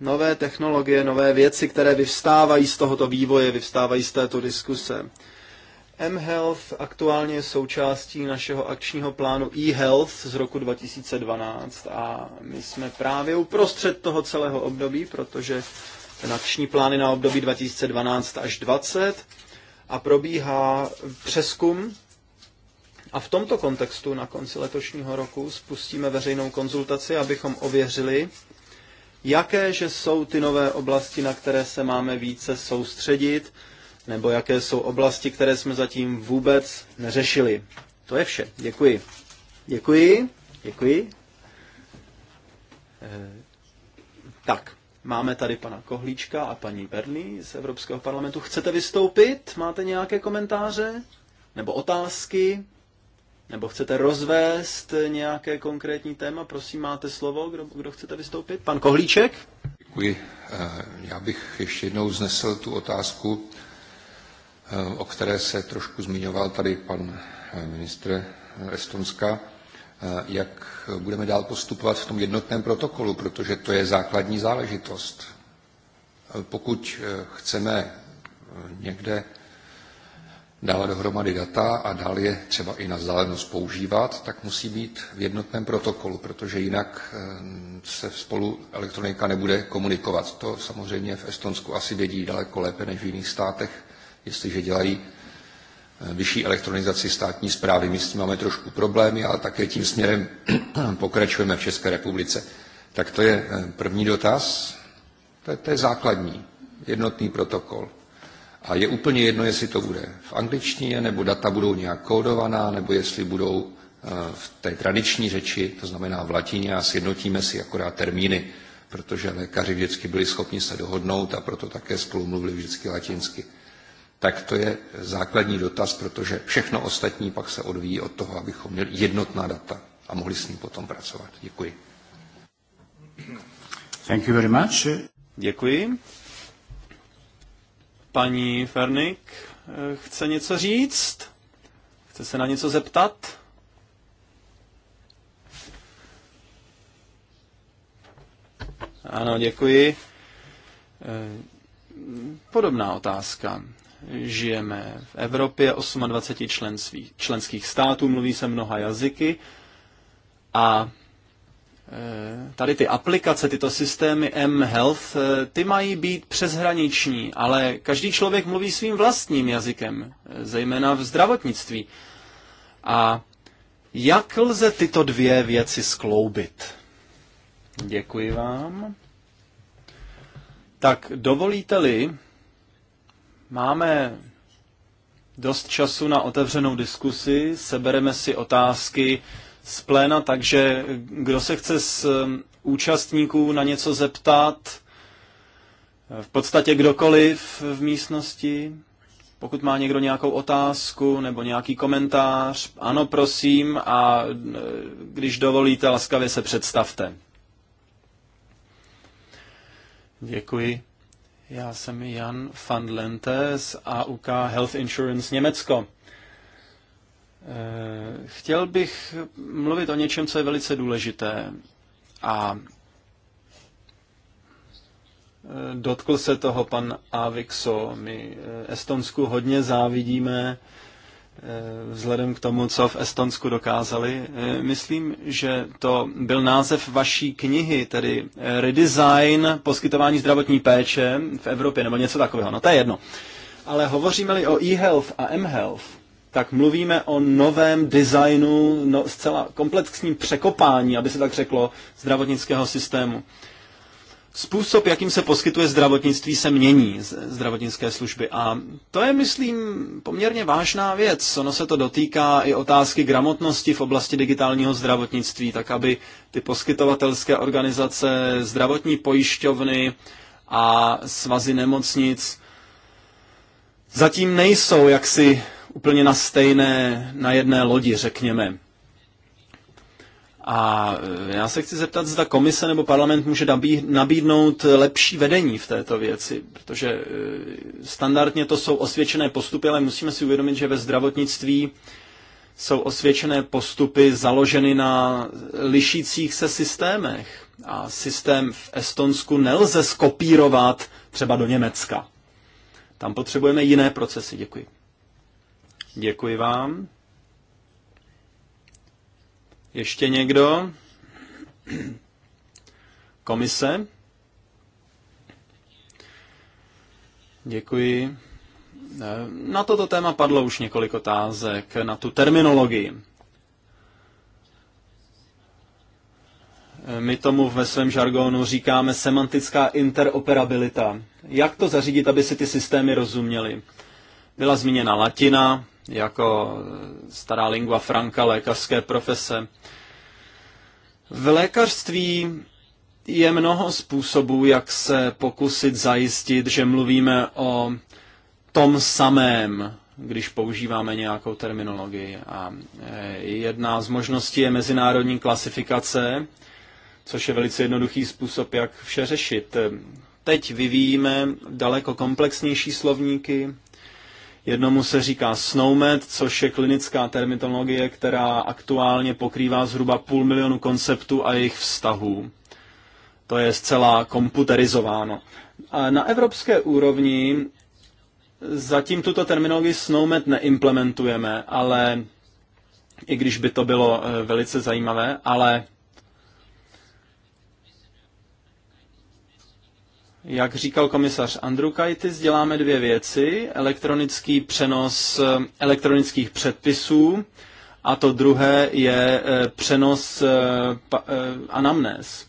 nové technologie, nové věci, které vyvstávají z tohoto vývoje, vyvstávají z této diskuse mHealth aktuálně je součástí našeho akčního plánu eHealth z roku 2012 a my jsme právě uprostřed toho celého období, protože ten akční plán je na období 2012 až 2020 a probíhá přeskum. A v tomto kontextu na konci letošního roku spustíme veřejnou konzultaci, abychom ověřili, jaké že jsou ty nové oblasti, na které se máme více soustředit, nebo jaké jsou oblasti, které jsme zatím vůbec neřešili. To je vše. Děkuji. Děkuji. Děkuji. Eh, tak, máme tady pana Kohlíčka a paní Berny z Evropského parlamentu. Chcete vystoupit? Máte nějaké komentáře? Nebo otázky? Nebo chcete rozvést nějaké konkrétní téma? Prosím, máte slovo, kdo, kdo chcete vystoupit? Pan Kohlíček? Děkuji. Eh, já bych ještě jednou znesl tu otázku Eh, o které se trošku zmiňoval tady pan eh, ministr eh, Estonska, jak budeme dál postupovat v tom jednotném protokolu, protože to je základní záležitost. Pokud chceme někde dávat dohromady data a dál je třeba i na vzdálenost používat, tak musí být v jednotném protokolu, protože jinak se spolu elektronika nebude komunikovat. To samozřejmě v Estonsku asi vědí daleko lépe než v jiných státech jestliže dělají eh, vyšší elektronizaci státní zprávy. My s tím máme trošku problémy, ale také tím směrem pokračujeme v České republice. Tak to je eh, první dotaz. To je, to je základní, jednotný protokol. A je úplně jedno, jestli to bude v angličtině, nebo data budou nějak kódovaná, nebo jestli budou eh, v té tradiční řeči, to znamená v latině, a sjednotíme si akorát termíny, protože lékaři vždycky byli schopni se dohodnout a proto také spolu mluvili vždycky latinsky tak to je základní dotaz, protože všechno ostatní pak se odvíjí od toho, abychom měli jednotná data a mohli s ním potom pracovat. Děkuji. Thank you very much. Děkuji. Paní Fernik eh, chce něco říct? Chce se na něco zeptat? Ano, děkuji. Eh, podobná otázka žijeme v Evropě, 28 členství, členských států, mluví se mnoha jazyky a e, tady ty aplikace, tyto systémy mHealth, e, ty mají být přeshraniční, ale každý člověk mluví svým vlastním jazykem, e, zejména v zdravotnictví. A jak lze tyto dvě věci skloubit? Děkuji vám. Tak dovolíte-li, Máme dost času na otevřenou diskusi, sebereme si otázky z pléna, takže kdo se chce z um, účastníků na něco zeptat, v podstatě kdokoliv v místnosti, pokud má někdo nějakou otázku nebo nějaký komentář, ano, prosím, a e, když dovolíte, laskavě se představte. Děkuji. Já jsem Jan van Lente z AUK Health Insurance Německo. Eh, chtěl bych mluvit o něčem, co je velice důležité a eh, dotkl se toho pan Avixo. My eh, Estonsku hodně závidíme Eh, vzhledem k tomu, co v Estonsku dokázali. Eh, myslím, že to byl název vaší knihy, tedy eh, Redesign poskytování zdravotní péče v Evropě, nebo něco takového. No to je jedno. Ale hovoříme-li o e-health a m-health, tak mluvíme o novém designu, no, zcela komplexním překopání, aby se tak řeklo, zdravotnického systému. Způsob, jakým se poskytuje zdravotnictví, se mění, zdravotnické služby. A to je, myslím, poměrně vážná věc. Ono se to dotýká i otázky gramotnosti v oblasti digitálního zdravotnictví, tak aby ty poskytovatelské organizace, zdravotní pojišťovny a svazy nemocnic zatím nejsou jaksi úplně na stejné, na jedné lodi, řekněme. A já se chci zeptat, zda komise nebo parlament může nabídnout lepší vedení v této věci, protože eh, standardně to jsou osvědčené postupy, ale musíme si uvědomit, že ve zdravotnictví jsou osvědčené postupy založeny na lišících se systémech. A systém v Estonsku nelze skopírovat třeba do Německa. Tam potřebujeme jiné procesy. Děkuji. Děkuji vám. Ještě někdo? Komise? Děkuji. Na toto téma padlo už několik otázek, na tu terminologii. My tomu ve svém žargonu říkáme semantická interoperabilita. Jak to zařídit, aby si ty systémy rozuměly? Byla zmíněna latina, jako stará lingua franca lékařské profese. V lékařství je mnoho způsobů, jak se pokusit zajistit, že mluvíme o tom samém, když používáme nějakou terminologii. A e, jedna z možností je mezinárodní klasifikace, což je velice jednoduchý způsob, jak vše řešit. Teď vyvíjíme daleko komplexnější slovníky, Jednomu se říká SNOMED, což je klinická terminologie, která aktuálně pokrývá zhruba půl milionu konceptů a jejich vztahů. To je zcela komputerizováno. A na evropské úrovni zatím tuto terminologii SNOMED neimplementujeme, ale i když by to bylo eh, velice zajímavé, ale Jak říkal komisař Andrukaitis, děláme dvě věci. Elektronický přenos eh, elektronických předpisů a to druhé je eh, přenos eh, anamnéz.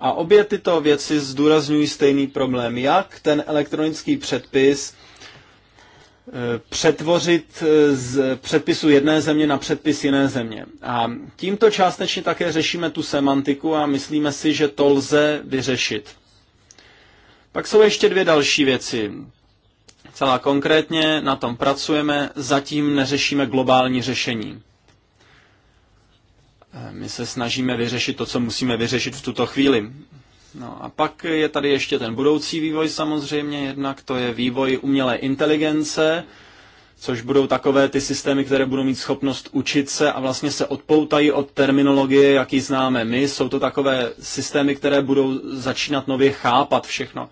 A obě tyto věci zdůrazňují stejný problém. Jak ten elektronický předpis přetvořit z předpisu jedné země na předpis jiné země. A tímto částečně také řešíme tu semantiku a myslíme si, že to lze vyřešit. Pak jsou ještě dvě další věci. Celá konkrétně na tom pracujeme, zatím neřešíme globální řešení. Eh, my se snažíme vyřešit to, co musíme vyřešit v tuto chvíli. No a pak je tady ještě ten budoucí vývoj samozřejmě, jednak to je vývoj umělé inteligence, což budou takové ty systémy, které budou mít schopnost učit se a vlastně se odpoutají od terminologie, jaký známe my. Jsou to takové systémy, které budou začínat nově chápat všechno.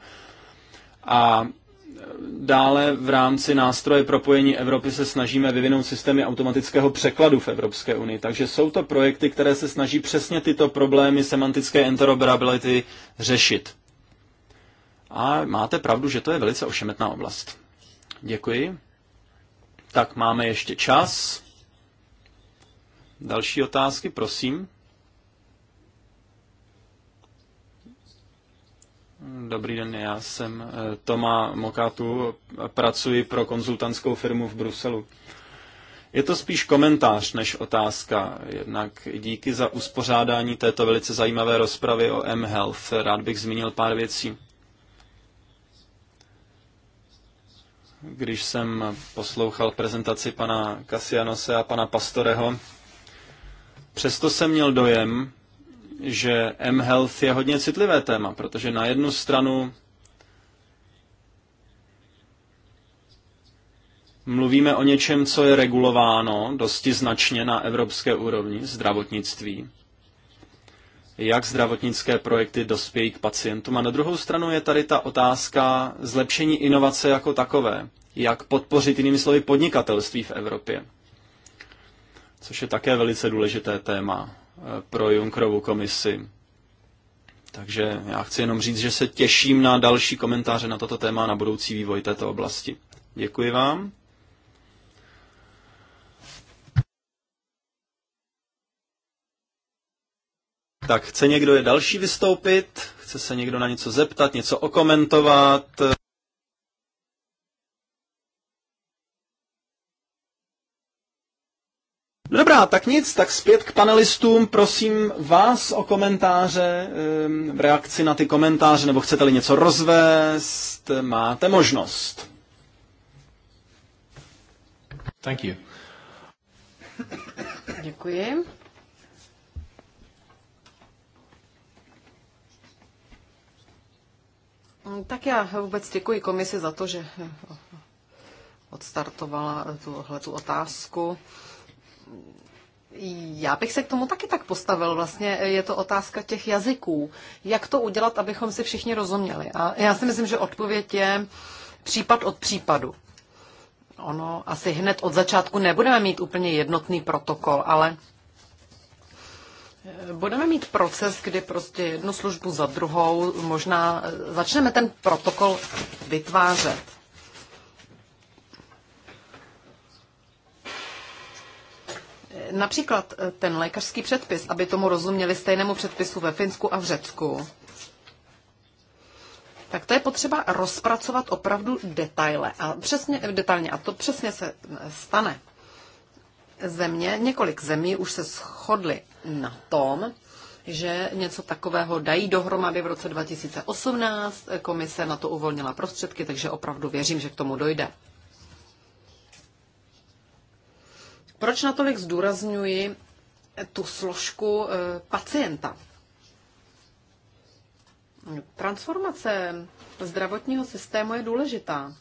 A dále v rámci nástroje propojení Evropy se snažíme vyvinout systémy automatického překladu v Evropské unii. Takže jsou to projekty, které se snaží přesně tyto problémy semantické interoperability řešit. A máte pravdu, že to je velice ošemetná oblast. Děkuji. Tak máme ještě čas. Další otázky, prosím. Dobrý den, já jsem eh, Toma Mokatu, pracuji pro konzultantskou firmu v Bruselu. Je to spíš komentář než otázka. Jednak díky za uspořádání této velice zajímavé rozpravy o mHealth. Rád bych zmínil pár věcí. když jsem poslouchal prezentaci pana Kasianose a pana Pastoreho. Přesto jsem měl dojem, že mHealth je hodně citlivé téma, protože na jednu stranu mluvíme o něčem, co je regulováno dosti značně na evropské úrovni, zdravotnictví, jak zdravotnické projekty dospějí k pacientům. A na druhou stranu je tady ta otázka zlepšení inovace jako takové, jak podpořit jinými slovy podnikatelství v Evropě, což je také velice důležité téma eh, pro Junckerovu komisi. Takže já chci jenom říct, že se těším na další komentáře na toto téma na budoucí vývoj této oblasti. Děkuji vám. Tak chce někdo je další vystoupit? Chce se někdo na něco zeptat, něco okomentovat? Dobrá, tak nic, tak zpět k panelistům. Prosím vás o komentáře, ehm, v reakci na ty komentáře, nebo chcete-li něco rozvést, máte možnost. Thank you. Děkuji. Mm, tak já vůbec děkuji komisi za to, že eh, odstartovala eh, tuhle tu otázku. Já bych se k tomu taky tak postavil. Vlastně eh, je to otázka těch jazyků. Jak to udělat, abychom si všichni rozuměli? A já si myslím, že odpověď je případ od případu. Ono asi hned od začátku nebudeme mít úplně jednotný protokol, ale Budeme mít proces, kdy prostě jednu službu za druhou, možná eh, začneme ten protokol vytvářet. Například eh, ten lékařský předpis, aby tomu rozuměli stejnému předpisu ve Finsku a v Řecku, tak to je potřeba rozpracovat opravdu detaile a přesně, eh, detailně. A to přesně se stane. Země, několik zemí už se shodly na tom, že něco takového dají dohromady v roce 2018. Komise na to uvolnila prostředky, takže opravdu věřím, že k tomu dojde. Proč natolik zdůrazňuji tu složku eh, pacienta? Transformace zdravotního systému je důležitá.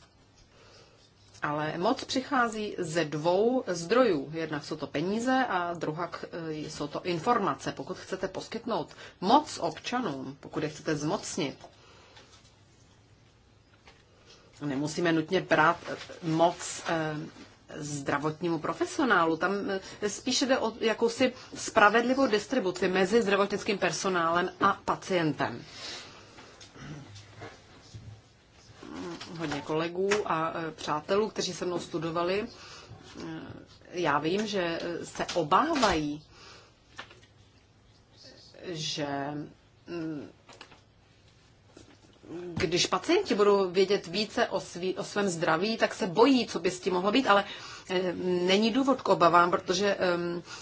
Ale moc přichází ze dvou zdrojů. Jednak jsou to peníze a druhá e, jsou to informace. Pokud chcete poskytnout moc občanům, pokud je chcete zmocnit, nemusíme nutně brát e, moc e, zdravotnímu profesionálu. Tam spíše jde o jakousi spravedlivou distribuci mezi zdravotnickým personálem a pacientem. hodně kolegů a e, přátelů, kteří se mnou studovali. E, já vím, že e, se obávají, že mm, když pacienti budou vědět více o, svý, o svém zdraví, tak se bojí, co by s tím mohlo být, ale není důvod k obavám, protože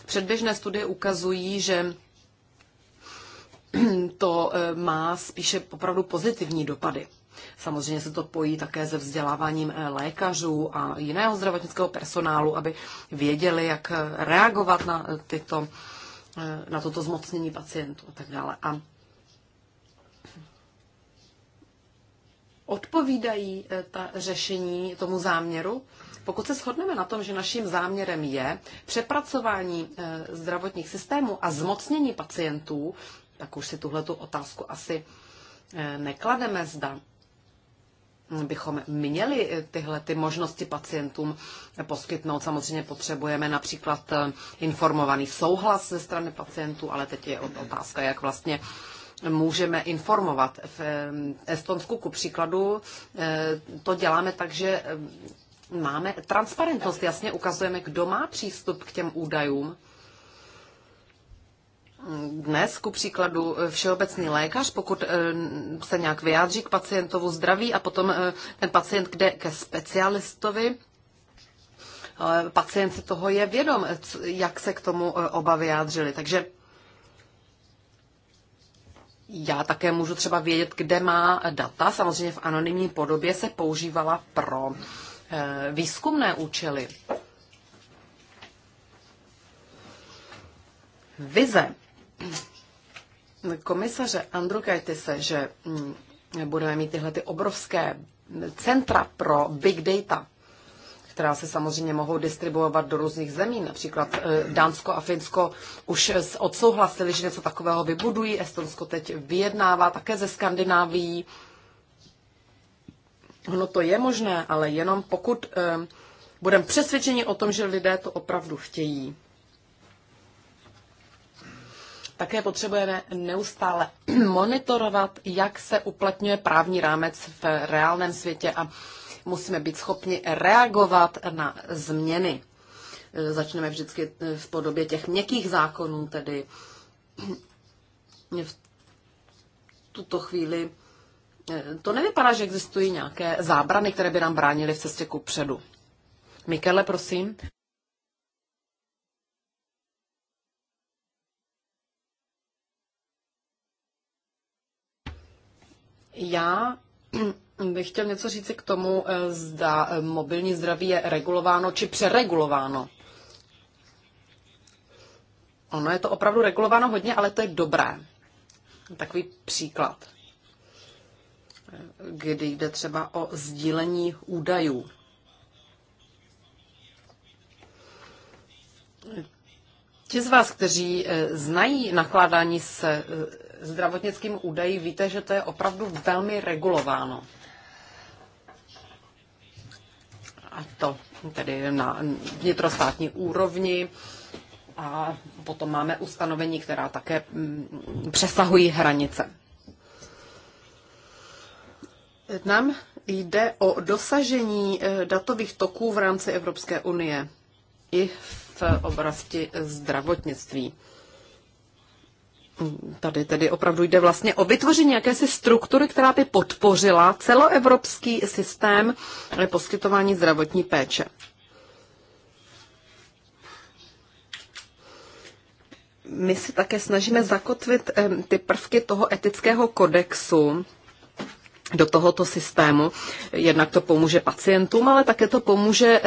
předběžné studie ukazují, že to má spíše opravdu pozitivní dopady. Samozřejmě se to pojí také se vzděláváním eh, lékařů a jiného zdravotnického personálu, aby věděli, jak eh, reagovat na, eh, tyto, na toto zmocnění pacientů a tak dále. A odpovídají ta řešení tomu záměru? Pokud se shodneme na tom, že naším záměrem je přepracování zdravotních systémů a zmocnění pacientů, tak už si tuhle otázku asi neklademe, zda bychom měli eh, tyhle ty možnosti pacientům poskytnout. Samozřejmě potřebujeme například eh, informovaný souhlas ze strany pacientů, ale teď je otázka, jak vlastně můžeme informovat. V eh, Estonsku ku příkladu to děláme tak, že máme transparentnost, jasně ukazujeme, kdo má přístup k těm údajům dnes, ku příkladu, eh, všeobecný lékař, pokud eh, se nějak vyjádří k pacientovu zdraví a potom eh, ten pacient jde ke specialistovi, pacient si toho je vědom, jak se k tomu oba vyjádřili. Takže já také můžu třeba vědět, kde má data. Samozřejmě v anonymní podobě se používala pro výzkumné účely. Vize komisaře Andrukajtise, že mm, budeme mít tyhle ty obrovské centra pro big data, která se samozřejmě mohou distribuovat do různých zemí. Například eh, Dánsko a Finsko už odsouhlasili, že něco takového vybudují. Estonsko teď vyjednává také ze Skandinávií. No to je možné, ale jenom pokud eh, budeme přesvědčeni o tom, že lidé to opravdu chtějí. Také potřebujeme neustále monitorovat, jak se uplatňuje právní rámec v reálném světě a musíme být schopni reagovat na změny. E, začneme vždycky e, v podobě těch měkkých zákonů, tedy v tuto chvíli e, to nevypadá, že existují nějaké zábrany, které by nám bránily v cestě ku předu. Mikele, prosím. Já bych chtěl něco říct k tomu, eh, zda eh, mobilní zdraví je regulováno či přeregulováno. Ono je to opravdu regulováno hodně, ale to je dobré. Takový příklad, kdy jde třeba o sdílení údajů. Ti z vás, kteří eh, znají nakládání se zdravotnickým údaji, víte, že to je opravdu velmi regulováno. A to tedy na vnitrostátní úrovni. A potom máme ustanovení, která také mm, přesahují hranice. Nám jde o dosažení eh, datových toků v rámci Evropské unie i v oblasti zdravotnictví. Tady tedy opravdu jde vlastně o vytvoření jakési struktury, která by podpořila celoevropský systém poskytování zdravotní péče. My se také snažíme zakotvit eh, ty prvky toho etického kodexu, do tohoto systému. Jednak to pomůže pacientům, ale také to pomůže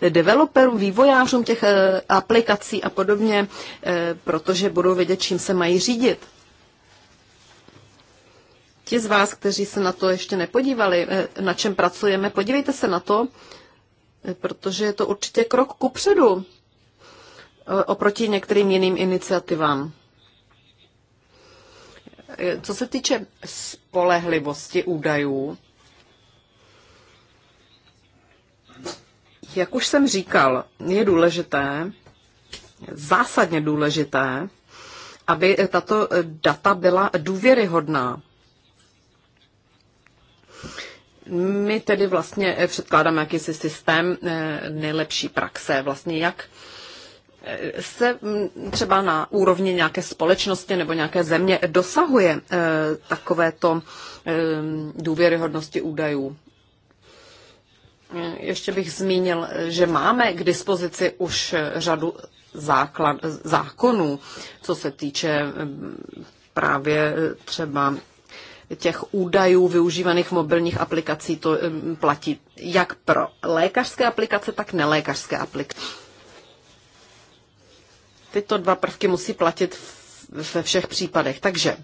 eh, developerům, vývojářům těch eh, aplikací a podobně, eh, protože budou vědět, čím se mají řídit. Ti z vás, kteří se na to ještě nepodívali, na čem pracujeme, podívejte se na to, protože je to určitě krok kupředu oproti některým jiným iniciativám. Co se týče spolehlivosti údajů, jak už jsem říkal, je důležité, zásadně důležité, aby tato data byla důvěryhodná. My tedy vlastně předkládáme jakýsi systém eh, nejlepší praxe, vlastně jak se mm, třeba na úrovni nějaké společnosti nebo nějaké země dosahuje eh, takovéto eh, důvěryhodnosti údajů. Eh, ještě bych zmínil, že máme k dispozici už řadu základ, zákonů, co se týče mm, právě třeba těch údajů využívaných v mobilních aplikací. To platí jak pro lékařské aplikace, tak nelékařské aplikace tyto dva prvky musí platit ve všech případech. Takže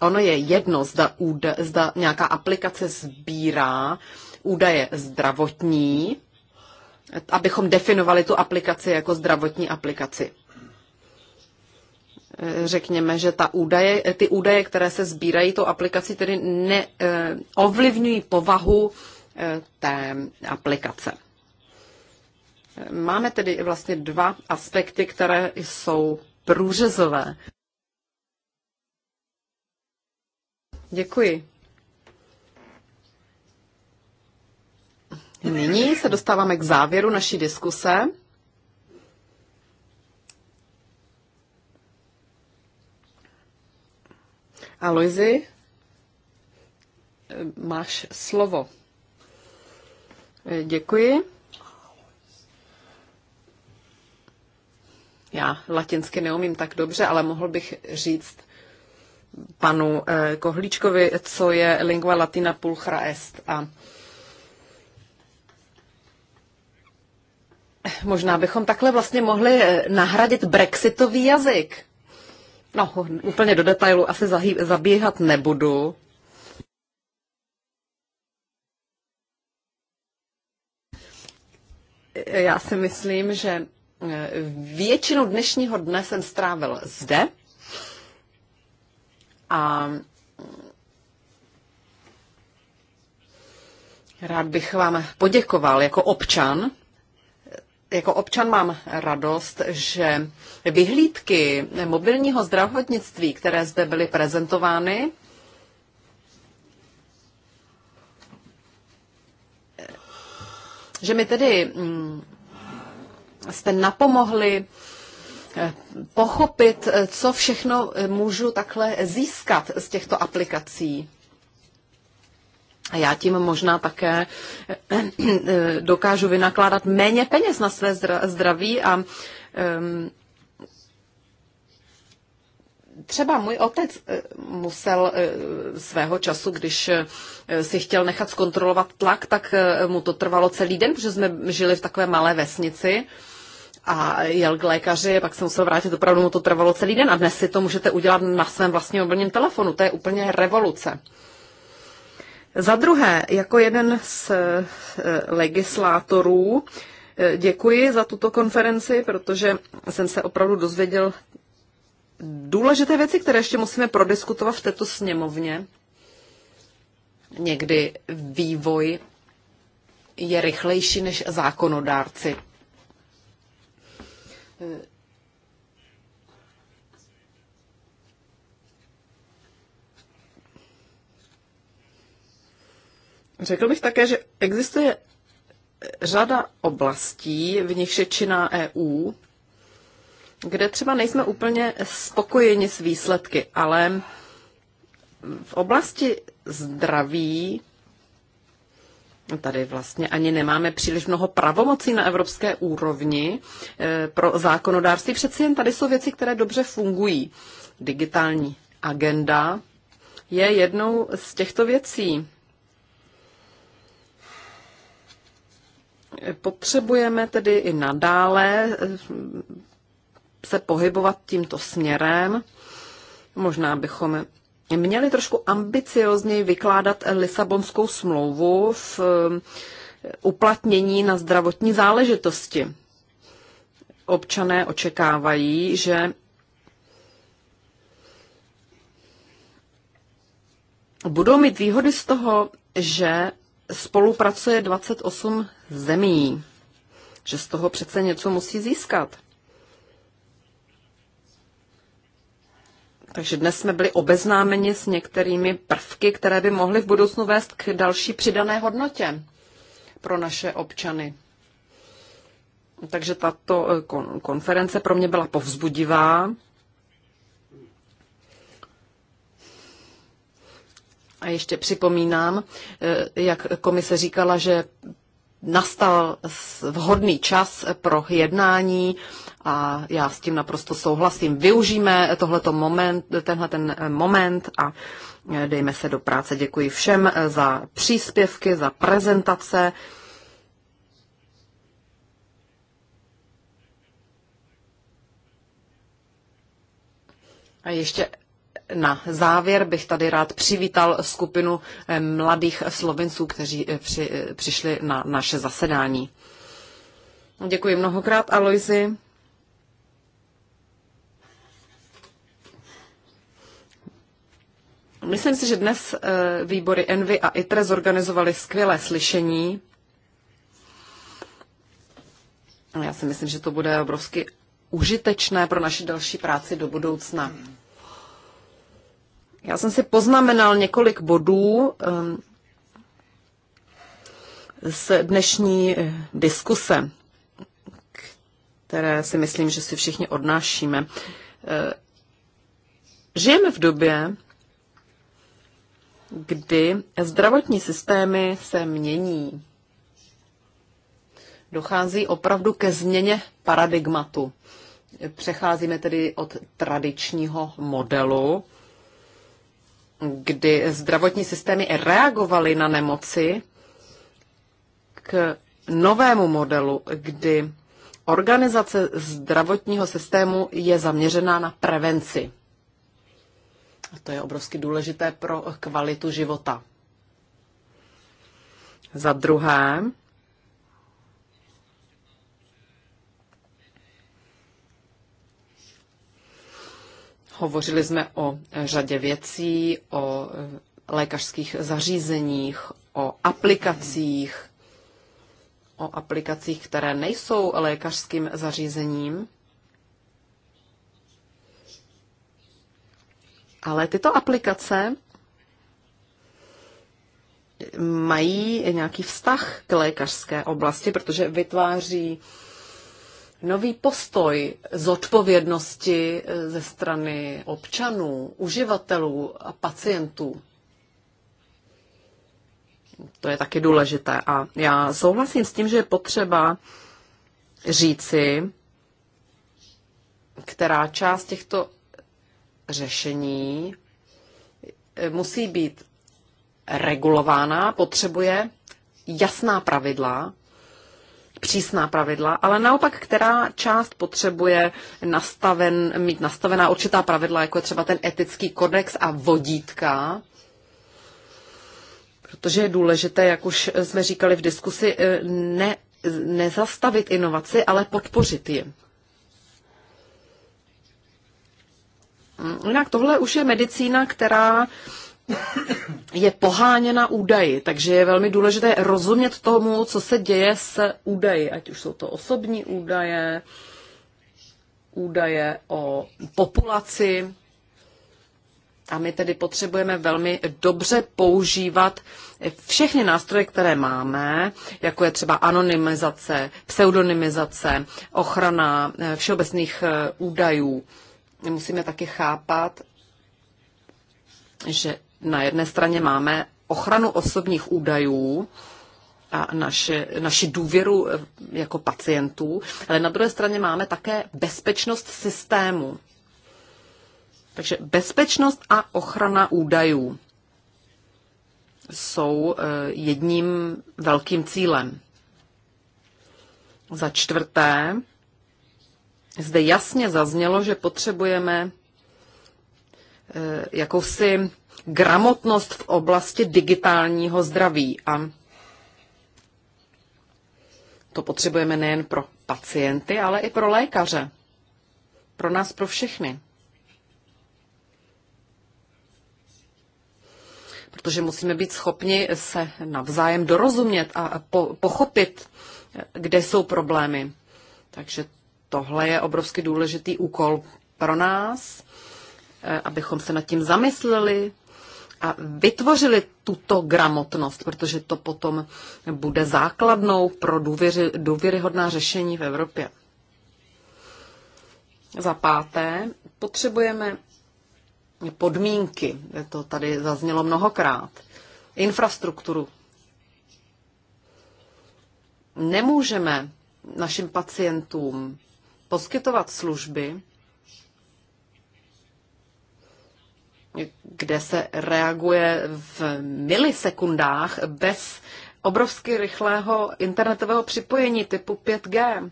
ono je jedno, zda, úda, zda nějaká aplikace sbírá údaje zdravotní, abychom definovali tu aplikaci jako zdravotní aplikaci. Řekněme, že ta údaje, ty údaje, které se sbírají tou aplikací, tedy neovlivňují eh, povahu eh, té aplikace. Máme tedy vlastně dva aspekty, které jsou průřezové. Děkuji. Nyní se dostáváme k závěru naší diskuse. Aloizi, máš slovo. Děkuji. Já latinsky neumím tak dobře, ale mohl bych říct panu eh, Kohlíčkovi, co je lingua latina pulchra est. A možná bychom takhle vlastně mohli eh, nahradit brexitový jazyk. No, úplně do detailu asi zahý, zabíhat nebudu. Já si myslím, že Většinu dnešního dne jsem strávil zde a rád bych vám poděkoval jako občan. Jako občan mám radost, že vyhlídky mobilního zdravotnictví, které zde byly prezentovány, že mi tedy mm, jste napomohli eh, pochopit, eh, co všechno eh, můžu takhle získat z těchto aplikací. A já tím možná také dokážu vynakládat méně peněz na své zdraví a ehm, třeba můj otec musel svého času, když si chtěl nechat zkontrolovat tlak, tak mu to trvalo celý den, protože jsme žili v takové malé vesnici a jel k lékaři, pak se musel vrátit, opravdu mu to trvalo celý den a dnes si to můžete udělat na svém vlastním mobilním telefonu. To je úplně revoluce. Za druhé, jako jeden z eh, legislátorů, eh, děkuji za tuto konferenci, protože jsem se opravdu dozvěděl důležité věci, které ještě musíme prodiskutovat v této sněmovně. Někdy vývoj je rychlejší než zákonodárci. Eh, řekl bych také, že existuje řada oblastí, v nichž je činná EU, kde třeba nejsme úplně spokojeni s výsledky, ale v oblasti zdraví Tady vlastně ani nemáme příliš mnoho pravomocí na evropské úrovni eh, pro zákonodárství. Přeci jen tady jsou věci, které dobře fungují. Digitální agenda je jednou z těchto věcí. Potřebujeme tedy i nadále eh, se pohybovat tímto směrem. Možná bychom měli trošku ambiciozněji vykládat Lisabonskou smlouvu v eh, uplatnění na zdravotní záležitosti. Občané očekávají, že budou mít výhody z toho, že spolupracuje 28 zemí, že z toho přece něco musí získat. Takže dnes jsme byli obeznámeni s některými prvky, které by mohly v budoucnu vést k další přidané hodnotě pro naše občany. Takže tato eh, konference pro mě byla povzbudivá. A ještě připomínám, eh, jak komise říkala, že nastal vhodný čas pro jednání a já s tím naprosto souhlasím. Využijeme tohleto moment, tenhle ten eh, moment a eh, dejme se do práce. Děkuji všem eh, za příspěvky, za prezentace. A ještě na závěr bych tady rád přivítal skupinu mladých Slovenců, kteří při, přišli na naše zasedání. Děkuji mnohokrát, Aloisi. Myslím si, že dnes eh, výbory Envy a ITRE zorganizovaly skvělé slyšení. Já si myslím, že to bude obrovsky užitečné pro naši další práci do budoucna. Já jsem si poznamenal několik bodů ehm, z dnešní eh, diskuse, které si myslím, že si všichni odnášíme. Eh, žijeme v době, kdy zdravotní systémy se mění. Dochází opravdu ke změně paradigmatu. Přecházíme tedy od tradičního modelu, kdy zdravotní systémy reagovaly na nemoci, k novému modelu, kdy organizace zdravotního systému je zaměřená na prevenci. A To je obrovsky důležité pro kvalitu života. Za druhé, hovořili jsme o řadě věcí, o lékařských zařízeních, o aplikacích, o aplikacích, které nejsou lékařským zařízením. Ale tyto aplikace mají nějaký vztah k lékařské oblasti, protože vytváří nový postoj zodpovědnosti eh, ze strany občanů, uživatelů a pacientů. To je taky důležité. A já souhlasím s tím, že je potřeba říci, která část těchto řešení e, musí být regulována, potřebuje jasná pravidla, přísná pravidla, ale naopak, která část potřebuje nastaven, mít nastavená určitá pravidla, jako je třeba ten etický kodex a vodítka, protože je důležité, jak už jsme říkali v diskusi, e, ne, nezastavit inovaci, ale podpořit ji. Jinak tohle už je medicína, která je poháněna údaji, takže je velmi důležité rozumět tomu, co se děje s údaji, ať už jsou to osobní údaje, údaje o populaci. A my tedy potřebujeme velmi dobře používat všechny nástroje, které máme, jako je třeba anonymizace, pseudonymizace, ochrana eh, všeobecných eh, údajů musíme taky chápat, že na jedné straně máme ochranu osobních údajů a naši, naši důvěru eh, jako pacientů, ale na druhé straně máme také bezpečnost systému. Takže bezpečnost a ochrana údajů jsou eh, jedním velkým cílem. Za čtvrté, zde jasně zaznělo, že potřebujeme eh, jakousi gramotnost v oblasti digitálního zdraví. A to potřebujeme nejen pro pacienty, ale i pro lékaře. Pro nás, pro všechny. Protože musíme být schopni se navzájem dorozumět a po- pochopit, kde jsou problémy. Takže tohle je obrovsky důležitý úkol pro nás, eh, abychom se nad tím zamysleli a vytvořili tuto gramotnost, protože to potom bude základnou pro důvěři, důvěryhodná řešení v Evropě. Za páté, potřebujeme podmínky, to tady zaznělo mnohokrát, infrastrukturu. Nemůžeme našim pacientům poskytovat služby, kde se reaguje v milisekundách bez obrovsky rychlého internetového připojení typu 5G.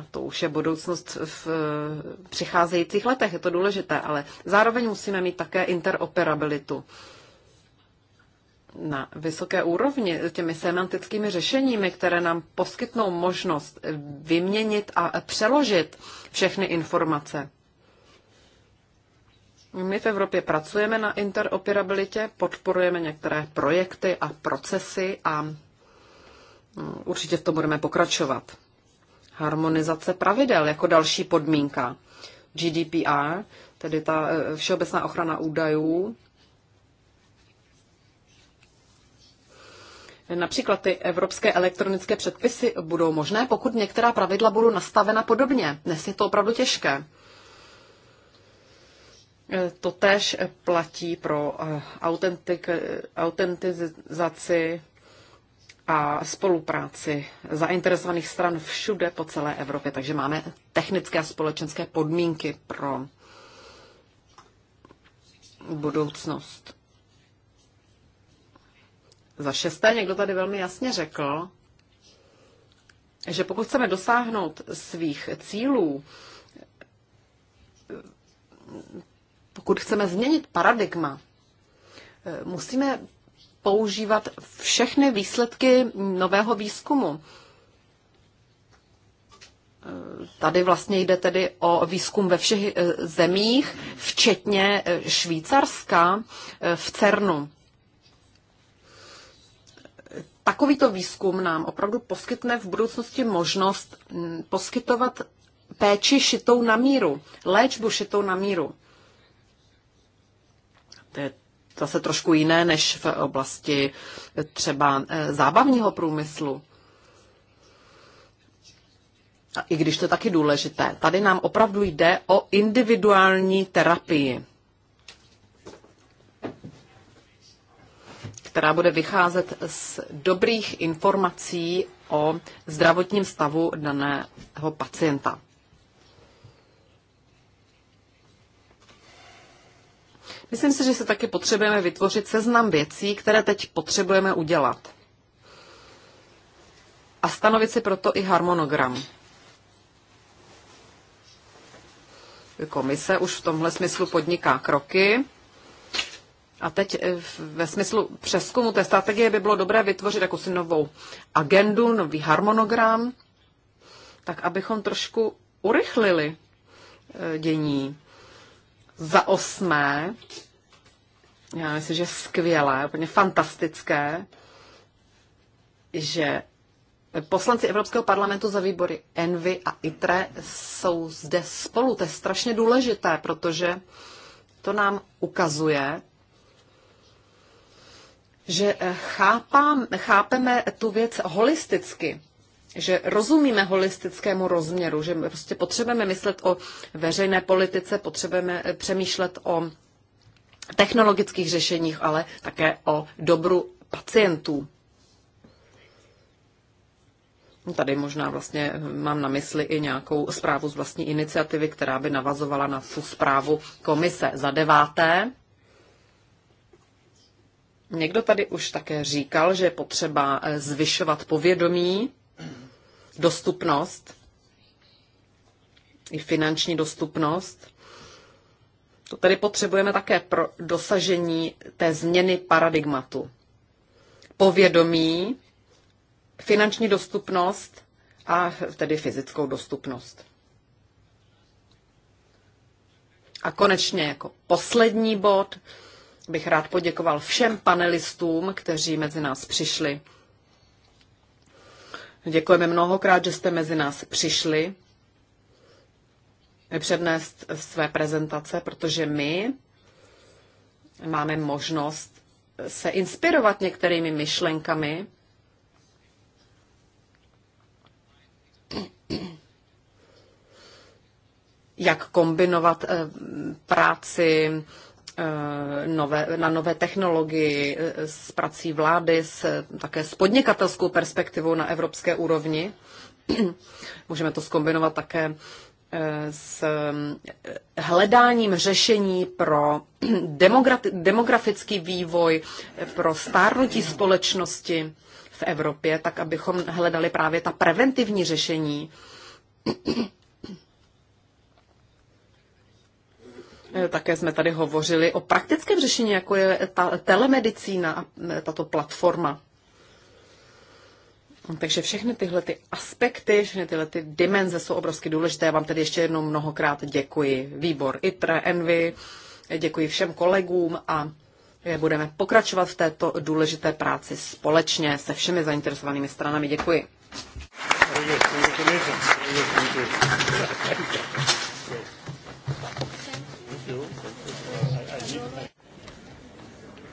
A to už je budoucnost v přicházejících letech, je to důležité, ale zároveň musíme mít také interoperabilitu na vysoké úrovni těmi semantickými řešeními, které nám poskytnou možnost vyměnit a přeložit všechny informace. My v Evropě pracujeme na interoperabilitě, podporujeme některé projekty a procesy a mm, určitě v tom budeme pokračovat. Harmonizace pravidel jako další podmínka. GDPR, tedy ta eh, všeobecná ochrana údajů, Například ty evropské elektronické předpisy budou možné, pokud některá pravidla budou nastavena podobně. Dnes je to opravdu těžké. E, Totež platí pro e, autentik, autentizaci a spolupráci zainteresovaných stran všude po celé Evropě. Takže máme technické a společenské podmínky pro budoucnost. Za šesté někdo tady velmi jasně řekl, že pokud chceme dosáhnout svých cílů, pokud chceme změnit paradigma, musíme používat všechny výsledky nového výzkumu. Tady vlastně jde tedy o výzkum ve všech zemích, včetně Švýcarska v CERNu takovýto výzkum nám opravdu poskytne v budoucnosti možnost mm, poskytovat péči šitou na míru, léčbu šitou na míru. To je zase trošku jiné než v oblasti eh, třeba eh, zábavního průmyslu. A I když to je taky důležité, tady nám opravdu jde o individuální terapii. která bude vycházet z dobrých informací o zdravotním stavu daného pacienta. Myslím si, že se taky potřebujeme vytvořit seznam věcí, které teď potřebujeme udělat. A stanovit si proto i harmonogram. Komise už v tomhle smyslu podniká kroky. A teď eh, ve smyslu přeskumu té strategie by bylo dobré vytvořit jakousi novou agendu, nový harmonogram, tak abychom trošku urychlili eh, dění. Za osmé, já myslím, že skvělé, úplně fantastické, že poslanci Evropského parlamentu za výbory Envy a ITRE jsou zde spolu. To je strašně důležité, protože to nám ukazuje, že eh, chápám, chápeme tu věc holisticky, že rozumíme holistickému rozměru, že prostě potřebujeme myslet o veřejné politice, potřebujeme eh, přemýšlet o technologických řešeních, ale také o dobru pacientů. Tady možná vlastně eh, mám na mysli i nějakou zprávu z vlastní iniciativy, která by navazovala na tu zprávu komise za deváté. Někdo tady už také říkal, že je potřeba eh, zvyšovat povědomí, dostupnost, i finanční dostupnost. To tady potřebujeme také pro dosažení té změny paradigmatu. Povědomí, finanční dostupnost a tedy fyzickou dostupnost. A konečně jako poslední bod, bych rád poděkoval všem panelistům, kteří mezi nás přišli. Děkujeme mnohokrát, že jste mezi nás přišli přednést své prezentace, protože my máme možnost se inspirovat některými myšlenkami. Jak kombinovat eh, práci Eh, nové, na nové technologii eh, s prací vlády, s, také s podnikatelskou perspektivou na evropské úrovni. Můžeme to skombinovat také eh, s hledáním řešení pro demografický vývoj, pro stárnutí společnosti v Evropě, tak abychom hledali právě ta preventivní řešení Eh, také jsme tady hovořili o praktickém řešení, jako je ta telemedicína a eh, tato platforma. Takže všechny tyhle ty aspekty, všechny tyhle ty dimenze jsou obrovsky důležité. Já vám tedy ještě jednou mnohokrát děkuji. Výbor ITRE, ENVY, eh, děkuji všem kolegům a budeme pokračovat v této důležité práci společně se všemi zainteresovanými stranami. Děkuji.